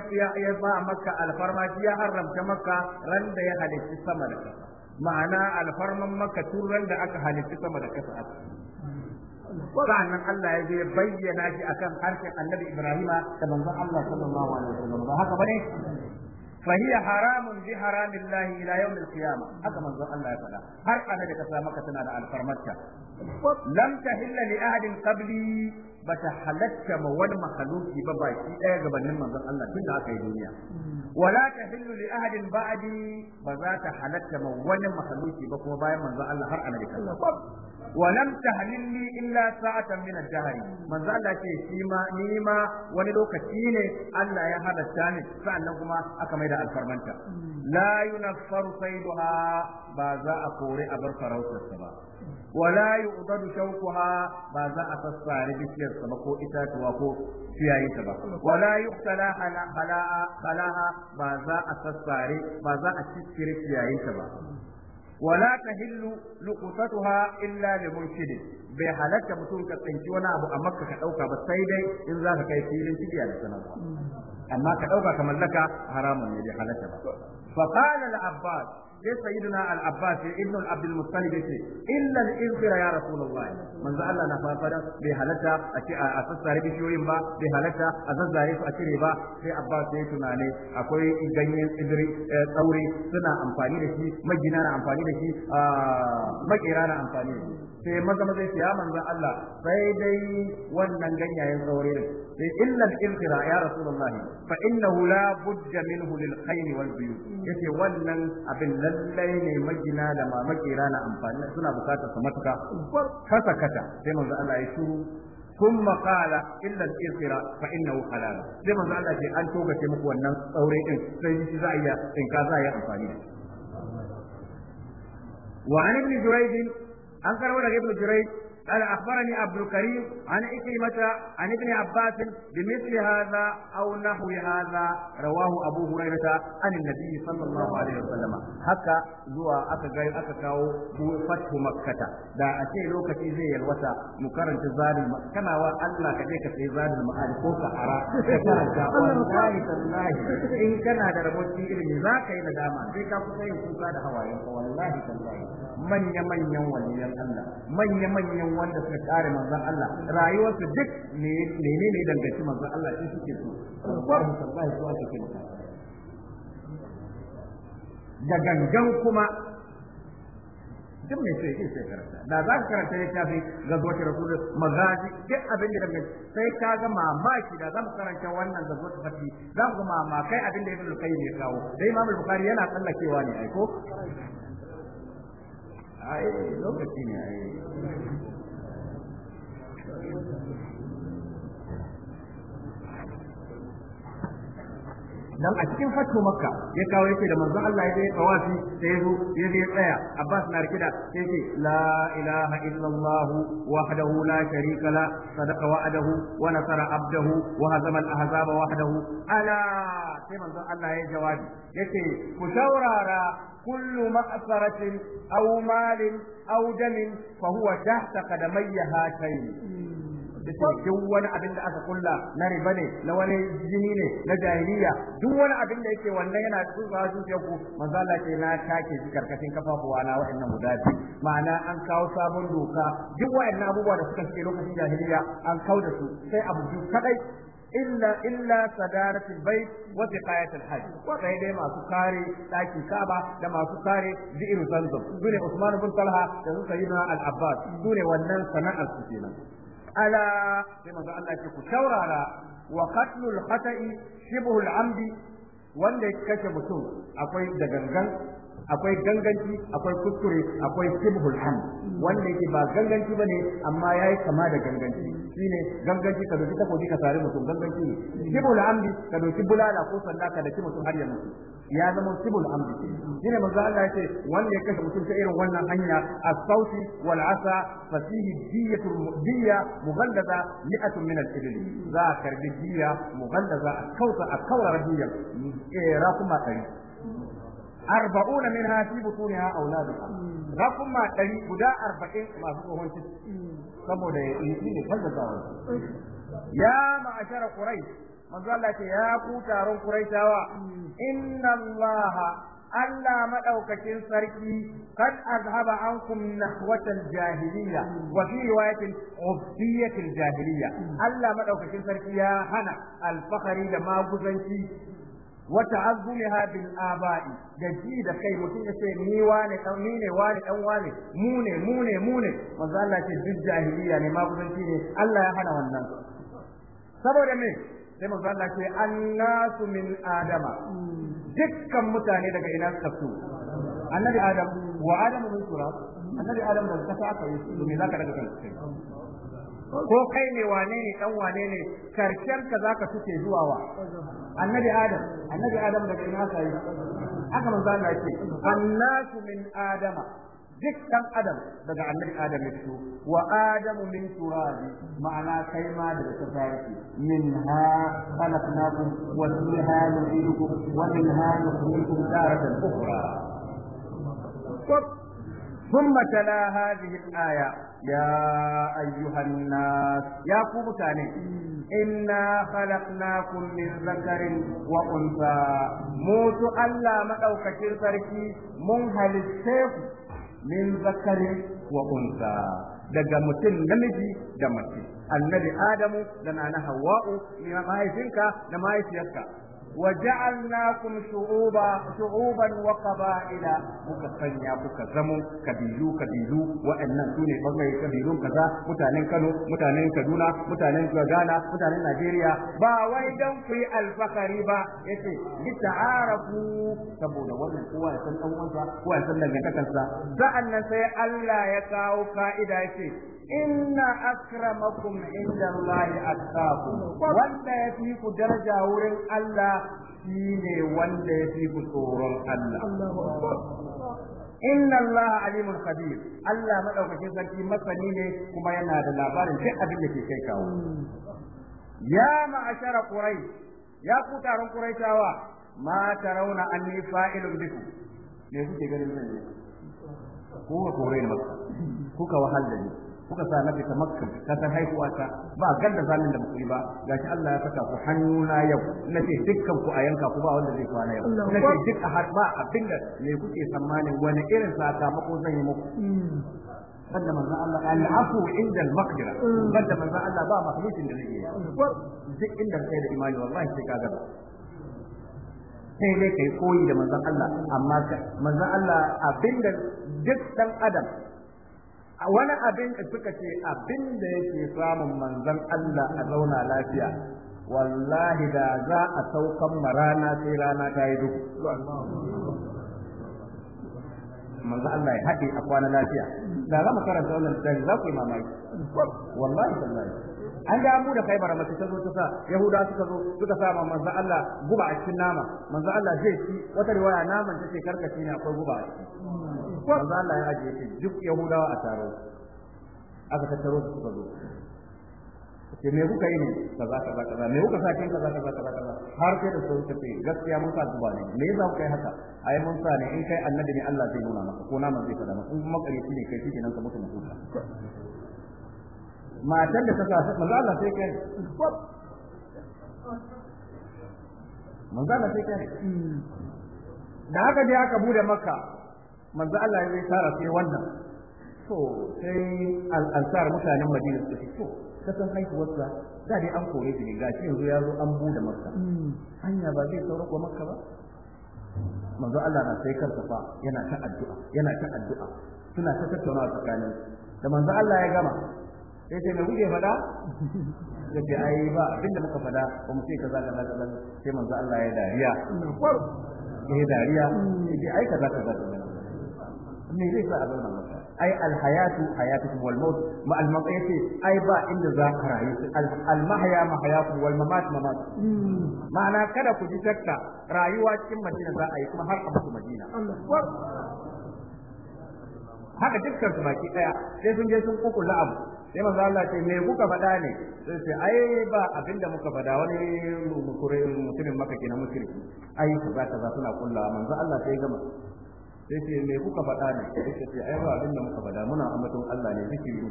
Speaker 1: ba maka alfarma shi ya haramta maka ran da ya halitta sama da ƙasa. ma'ana alfarman maka turan da aka halitta sama da kasa sa'annan Allah ya je bayyana shi akan harshen Annabi Ibrahima da manzon Allah sallallahu alaihi wasallam ba haka bane فهي حرام بحرام الله الى يوم القيامه هذا منظور الله يفعل هر انا da ka sa maka tana da alfarmarta lam tahilla li ahadin qabli bata halatta ma wani mahaluki ba baki daya gabanin manzon Allah tun da aka yi duniya wala tahillu li ahadin ba'di ba za ta halatta ma wani mahaluki ba kuma bayan manzon Allah har annabi ولم تهلل لي الا ساعه من الدهر من ذا الله ce shi ma ni ma wani lokaci ne Allah ya halatta ne, sannan kuma aka maida alfarmanta la yunaffaru sayduha ba za a kore a bar farautarsa ba wala yu'dadu shawquha ba za a sassare bishiyar sa ko itatuwa ko ciyayin ta ba wala yuqtala halaha halaha ba za a sassare ba a ciccire ciyayin ba wala tahillu luqtatuha illa li murshid bai halarta mutum ka tsinci wani abu a makka ka dauka ba sai dai in zaka kai filin cibiya da sanarwa amma ka dauka ka mallaka haramun ne bai halatta ba fa qala al-abbas sai sayyidina al-abbas ibn abdul muttalib yace illa al-izra ya rasulullahi manzo Allah na fafara bai halatta a ce a sassare bishiyoyin ba bai halatta a zazzare su a cire ba sai abbas yayi tunani akwai ganyen tsibiri eh, tsauri suna amfani da shi magina na amfani da shi ah, makera na amfani da shi sai maza maza ce ya manzon Allah sai dai wannan ganyayen saurayi ne sai illa al-inqira ya rasulullah fa innahu la budda minhu lil khayr wal buyut yace wannan abin lallai ne magina da mamaki rana amfani suna bukatar su matuka kasa kasa sai manzon Allah ya shuru ثم قال الا الاغفر فانه حلال sai manzo Allah ce an togace muku wannan tsaure din sai shi za iya in ka za ya amfani da wa an ibn jurayd an karbo daga ibnu jurayj قال أخبرني عبد الكريم عن إكرمة عن ابن عباس بمثل هذا أو نحو هذا رواه أبو هريرة عن النبي صلى الله عليه وسلم هكا زوا أكا جاي أكا كاو فتح مكة دا أشي لو كتي زي الوتا مكرن تزاري كما الله كديك في زاري المعاد فوق حرا والله تالله إن كان هذا رموتي إلمي ذاك إلى داما ذيك أفضل يكون هذا هواي والله تالله manya-manyan waliyan Allah manya-manyan wanda suka kare manzon Allah rayuwarsu duk ne menene dangaci manzon Allah shi suke so Allahu tallahi wa ake da gangan kuma duk mai sai sai karanta da za ka karanta tafi ga zuwa rasul magazi duk abin da daga sai ka ga mamaki da za mu karanta wannan ga zuwa fati za mu ga mamakai abin da ibn al-qayyim ya kawo dai imam al-bukhari yana tsallakewa ne ai ko
Speaker 2: ai lokaci ne ai dan a cikin fatu makka
Speaker 1: ya kawo yake da manzon Allah ya yi tawafi sai yazo ya je tsaya Abbas na rikida sai yake la ilaha illallah wahdahu la sharika la sadaqa wa'adahu wa nasara abdahu wa hazama al-ahzaba wahdahu ala sai manzon Allah ya jawabi yake ku shaurara كل مأثرة أو مال أو دم فهو تحت قدمي هاتين da wani abin da aka kulla na riba ne na wani jini ne na jahiliya duk wani abin da yake wannan yana tsufa zuciyar ku manzo Allah ce na take karkashin kafafuwa na wa'annan guda ma'ana an kawo sabon doka duk wa'annan abubuwa da suka shige lokacin jahiliya an kawo da su sai abu biyu kadai illa illa sadaratul bait wa tiqayatul hajj wa masu kare daki Saba da masu kare bi'ir zamzam Sune Usman bin Talha da Sayyidina Al-Abbas Sune wannan sana'ar su ala sai masu Allah ya ku taurara wa qatlul khata'i shibhul amdi wanda ya kashe mutum akwai da gangan akwai ganganci akwai kuskure akwai sibhul hamd wanda yake ba ganganci bane amma yayi kama da ganganci shine ganganci ka dauki takobi ka sare mutum ganganci ne sibhul amdi ka dauki bulala ko sanda ka dauki mutum har ya mutu ya zama sibhul amdi. shine manzo Allah yake wanda ya kashe mutum ta irin wannan hanya as-sauti wal asa fasihi diyatul mudiyya mughallaza mi'atun min al ibil za karbi diyya mughallaza a kausa a kaura kuma eh rakuma arba'un minha fi butuniha auladuha rakun ma dari guda arba'in masu tsohon saboda ya yi ne kazzaba ya ma'ashara quraish manzo Allah ce ya ku taron quraishawa inna Allah Allah madaukakin sarki kad azhaba ankum nahwatal jahiliya wa fi riwayatin ubdiyatil jahiliya Allah maɗaukacin sarki ya hana alfakari da maguzanci وتعظمها بالآباء جديد كي متي يسي ني واني أو ني ني واني أو واني موني موني موني وزال الله تجد جاهلية ne. Allah ya hana wannan. Saboda me sai manzo Allah ce annasu min adama dukkan mutane daga ina suka fito annabi adam wa adam min turab annabi adam da kasa aka yi su me zaka daga kanka ko kai ne wane ne dan wane ne karshen ka zaka suke zuwa wa annabi adam annabi adam daga ina ka yi aka manzo Allah yake annasu min adama duk dan adam daga annabi adam ya fito wa adamu min turabi ma'ana kai ma daga tafarki min ha khalaqnakum wa fiha nu'idukum wa min ha nukhrijukum daratan ukhra ثم تلا هذه الآية يا أيها الناس يا كوبتاني إنا خلقناكم من ذكر وأنثى موت ألا مدعو كثير تركي منهل السيف من ذكر وأنثى daga mutum namiji da mace annabi adamu da na hawa'u da mahaifinka da mahaifiyarka وجعلناكم شعوبا شعوبا وقبائل muka sanya kuka zamo kabilu kabilu waɗannan sune bangare kabilun kaza mutanen Kano mutanen Kaduna mutanen Ghana mutanen Najeriya ba wai dan kuyi yi alfakari ba yace li ta'arafu saboda wannan kowa ya san dan uwansa kowa ya san sai Allah ya kawo ka'ida yace inna akramakum indallahi atqakum wanda ya fi ku daraja wurin Allah shine wanda ya fi ku tsoron Allah inna Allah alimun khabir Allah madaukakin sarki masani ne kuma yana da labarin duk abin da ke kai kawo ya ma'ashara quraish ya ku taron quraishawa ma tarawna anni fa'ilun bikum me kuke ganin nan? yi ko ka kore ni maka kuka wahal da ni kuka sa na fita makka ka san haihuwa ta ba ganda zamin da muku ba gashi Allah ya saka ku hannuna yau na ce dukkan ku a yanka ku ba wanda zai na yau na ce duk a ba abin da me kuke tsammanin wani irin sakamako zan yi muku hmm. banda manzo Allah ya al'afu inda al-maqdira hmm. banda manzo Allah ba makhluqin da zai yi duk inda kai da imani wallahi sai ka gaba sai dai kai koyi da manzo Allah amma manzo Allah abinda duk dan adam wani abin da suka ce abin da yake samun manzan Allah a zauna lafiya wallahi da za a saukan marana sai rana ta yi duk manzan Allah ya haɗe a kwana lafiya da za mu karanta wannan littafi za ku yi mamaki wallahi wallahi an ga mu da kai bara mace ta zo ta sa yahuda suka zo suka sa ma manzo Allah guba a cikin nama manzo Allah zai ci wata riwaya naman ta ce karkashi ne akwai guba a ciki akbar manzo Allah ya ajiye shi duk yahudawa a taro aka tattaro su suka zo ce me kuka yi ne kaza kaza kaza me kuka sa kin kaza kaza kaza kaza har sai da sun tafi gaskiya mun sa zuba ne me yasa kuka yi haka ai mun sa ne in kai annabi ne Allah zai nuna maka ko na zai fada maka in kuma kare ne kai shi nan ka mutu mutu matar da ta sa manzo Allah sai kai manzo Allah sai kai da haka dai aka bude maka manzo Allah ya tara sai wannan to sai al-ansar mutanen Madina su, ce to kasan sa da dai an kore shi ne shi yanzu ya zo an bude Makka hmm. hanya ba zai sauro ko Makka ba manzo Allah na sai kansa fa yana ta addu'a yana ta addu'a suna ta tattaunawa tsakanin da manzo Allah ya gama sai sai na guje fada da ke ai ba abinda muka fada ba mu sai kaza kaza kaza sai manzo Allah ya hmm. dariya ya dariya ya ai kaza kaza kaza me hmm. kada ku ji shakka rayuwa cikin madina za a yi kuma har madina haka dukkan su baki daya sai sun je sun kukula abu sai manzo Allah ce me kuka faɗa ne sai ce ai ba abinda muka faɗa wani mutumin maka kenan mushriki ai kaza za suna kullawa manzo Allah sai gama sai ce me kuka faɗa ne sai ce ai ba abin da muka faɗa muna ambaton Allah ne yi.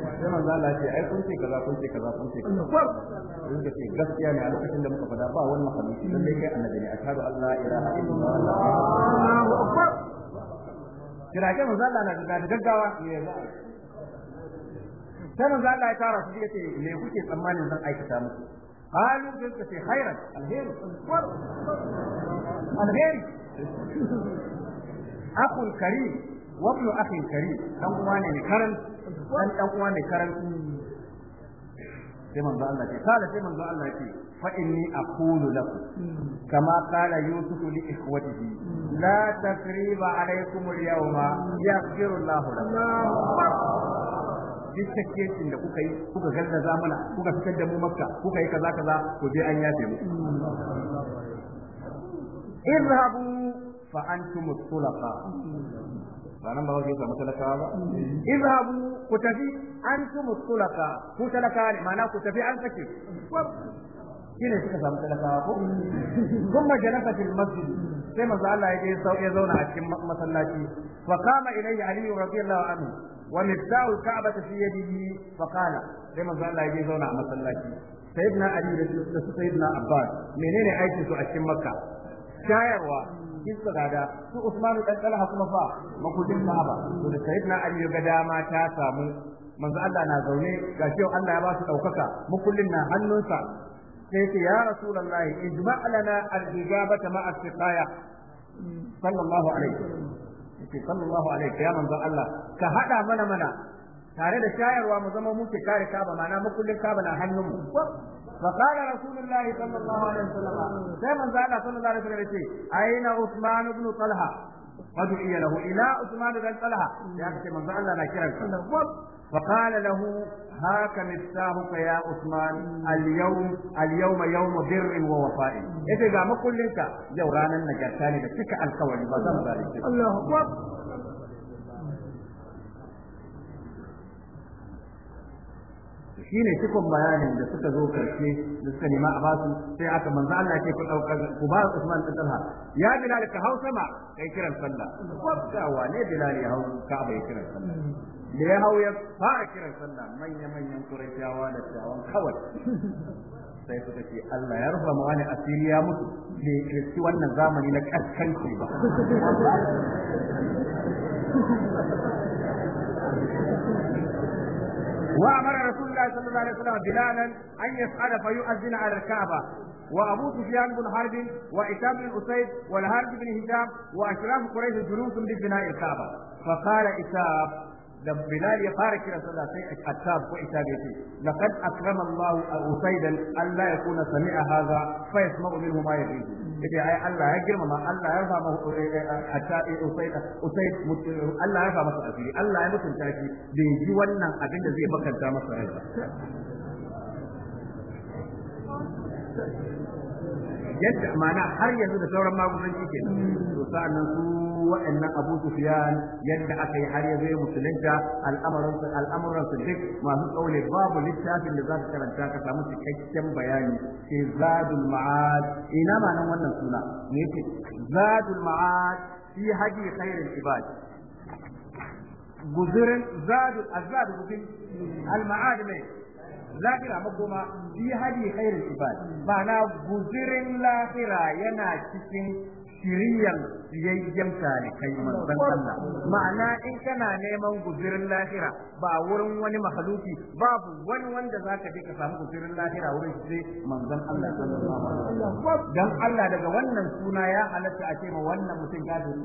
Speaker 1: sai manzo Allah ce ai kun ce kaza kun ce kaza kun ce kaza sai ce gaskiya ne a lokacin da muka faɗa ba wani mahaluki dan dai kai annabi ne ashhadu an la ilaha illallah Allahu akbar kira ke manzo Allah na da gaggawa ne sai manzo Allah ya tara su ya ce me kuke tsammanin zan aikata muku قالوا قلت في خيرا الخير
Speaker 2: الخير
Speaker 1: akul karim wa ibn akhin karim dan uwa ne karan dan dan uwa ne karan sai manzo Allah ce kala sai manzo Allah ce fa inni aqulu lakum kama qala yusuf li ikhwatihi la takriba alaykum al-yawma yaghfiru Allah lakum duk takkecin da kuka yi kuka gallaza kuka fitar da mu makka kuka yi kaza kaza ku an yafe mu fa فأنتم الطلقاء ranar ba wajen samu talakawa ba izhabu ku tafi antum tulaka ku talakawa ne mana ku tafi an kace shine suka samu talakawa ko kuma jalasa fil masjid sai manzo Allah ya je ya zauna a cikin masallaci fa qama ilayhi ali radiyallahu anhu wa miftahu ka'bata fi yadihi fa qala sai manzo Allah ya je zauna a masallaci sayyidina ali da sayyidina abbas menene aikin su a cikin makka shayarwa kisa gada su Usman dan Talha kuma fa makudin Ka'aba to da Sayyidina Ali ya ga dama ta samu manzo Allah na zaune ga shi Allah ya ba su daukaka mukullin na hannunsa sai ce ya Rasulullahi ijma' lana al-ijabata ma'a siqaya sallallahu alaihi yake sallallahu alaihi ya manzo Allah ka hada mana mana tare da shayarwa mu zama muke kare kaba mana mukullin kaba na hannunmu فقال رسول الله صلى الله عليه وسلم كما زال صلى الله عليه وسلم أين عثمان بن طلحة فدعي له إلى عثمان بن طلحة يعني من زال لنا كرم فقال له هاك مفتاحك يا عثمان اليوم اليوم يوم بر ووفاء إذا قام كلك يورانا نجاتاني بتك الكوالي الله أكبر ne cikon bayanin da suka zo karshe da suka nema a basu sai aka manzo Allah ke ku ɗaukar ku ba Usman da Talha ya Bilal ka hau sama kai kiran sallah wa ne Bilal ya hau ka bai kiran sallah da ya hau ya fara kiran sallah manya manyan Qurayshawa
Speaker 2: da tawon kawai sai suka ce Allah ya rufa mu wani
Speaker 1: asiri ya mutu bai kirki wannan zamani na kaskanci ba
Speaker 2: وأمر رسول الله صلى الله عليه
Speaker 1: وسلم بلالا أن يسأل فيؤذن على الكعبة وابو سفيان بن حرب وعتاب بن اسيد والهارب بن هشام واشراف قريش جلوس لبناء الكعبه فقال عتاب da Bilal ya fara kira sallah sai Attab ko ita bai ce laqad akrama Allah Usaidan Allah ya kuna sami'a hadha fa yasma'u minhu ma yaqulu yace ai Allah ya girmama Allah ya rufa masa eh, hatta eh, usaid usaid Allah ya rufa masa asiri Allah ya mutunta shi bai ji wannan abin da zai bakanta masa rai yadda mana har yanzu da sauran magudanci kenan to sa'annan su wa'annan Abu Sufyan yadda aka yi har ya zai musulunta al'amuran su al'amuran su duk masu tsaune babu littafin da za ka karanta ka samu cikakken bayani sai Zadul Ma'ad ina ma nan wannan suna me yake Zadul Ma'ad fi haji khairul ibad guzurin zadul azad guzurin al-ma'ad mai lahira makoma fi hadi khairul ibad ma'ana guzirin lahira yana cikin shiriyan biyayyen talikai manzon Allah ma'ana in kana neman guzirin lahira ba wurin wani mahaluki babu wani wanda zaka je ka samu guzirin lahira wurin shi manzon Allah sallallahu alaihi wasallam dan Allah daga wannan suna ya halatta a ce ma wannan mutum kafiri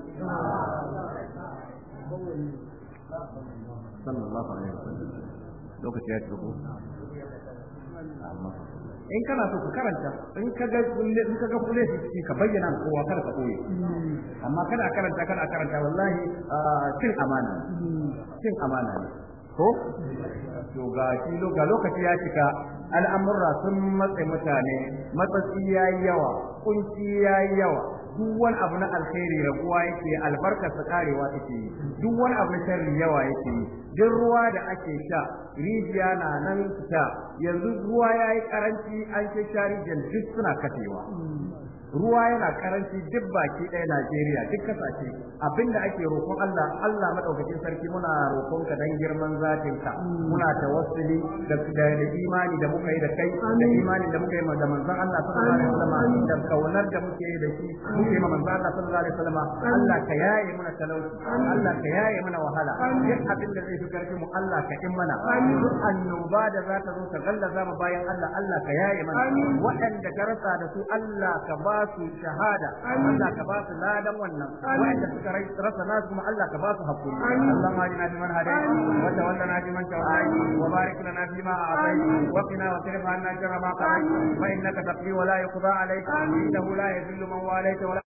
Speaker 2: sallallahu alaihi wasallam lokaci ya ci Allah
Speaker 1: in kana so ka karanta in ka ga kulle in ka ga kulle shi ka bayyana kowa kada ka koyi amma kada karanta kada karanta wallahi cin amana cin amana ne ko to ga shi ga lokaci ya cika al'amurra sun matsayi mutane matsatsi yayi yawa kunci yayi yawa duk wani abu na alkhairi raguwa yake albarkar sa karewa take yi duk wani abu na sharri yawa yake yi duk ruwa da ake sha rijiya na nan sha, yanzu ruwa yayi karanci an ke sha rijiyar duk suna katewa ruwa yana karanci duk baki ɗaya Najeriya duk kasashe abinda ake roƙon Allah Allah madaukakin sarki muna roƙon ka dan girman zatin ka muna tawassuli da da imani da muka yi da kai da imani da muka yi da manzon Allah sallallahu alaihi wasallam da kaunar da muke yi da shi muke ma manzon Allah sallallahu alaihi wasallam Allah ka yaye muna talauci Allah ka yaye muna wahala duk abin da zai fi karfi mu Allah ka in mana duk annoba da za ta zo ta za mu bayan Allah Allah ka yaye mana waɗanda ka rasa da su Allah ka ba ba su shahada Allah ka ba su ladan wannan wanda suka rasa na kuma Allah ka ba su hakuri Allah ma jina jiman man hadai wanda na bi man tawallai wa barik lana fi ma a'tai
Speaker 2: wa qina wa sirif anna sharra ma qadai fa innaka taqdi wa la yuqda alayka innahu la yadhillu man walayta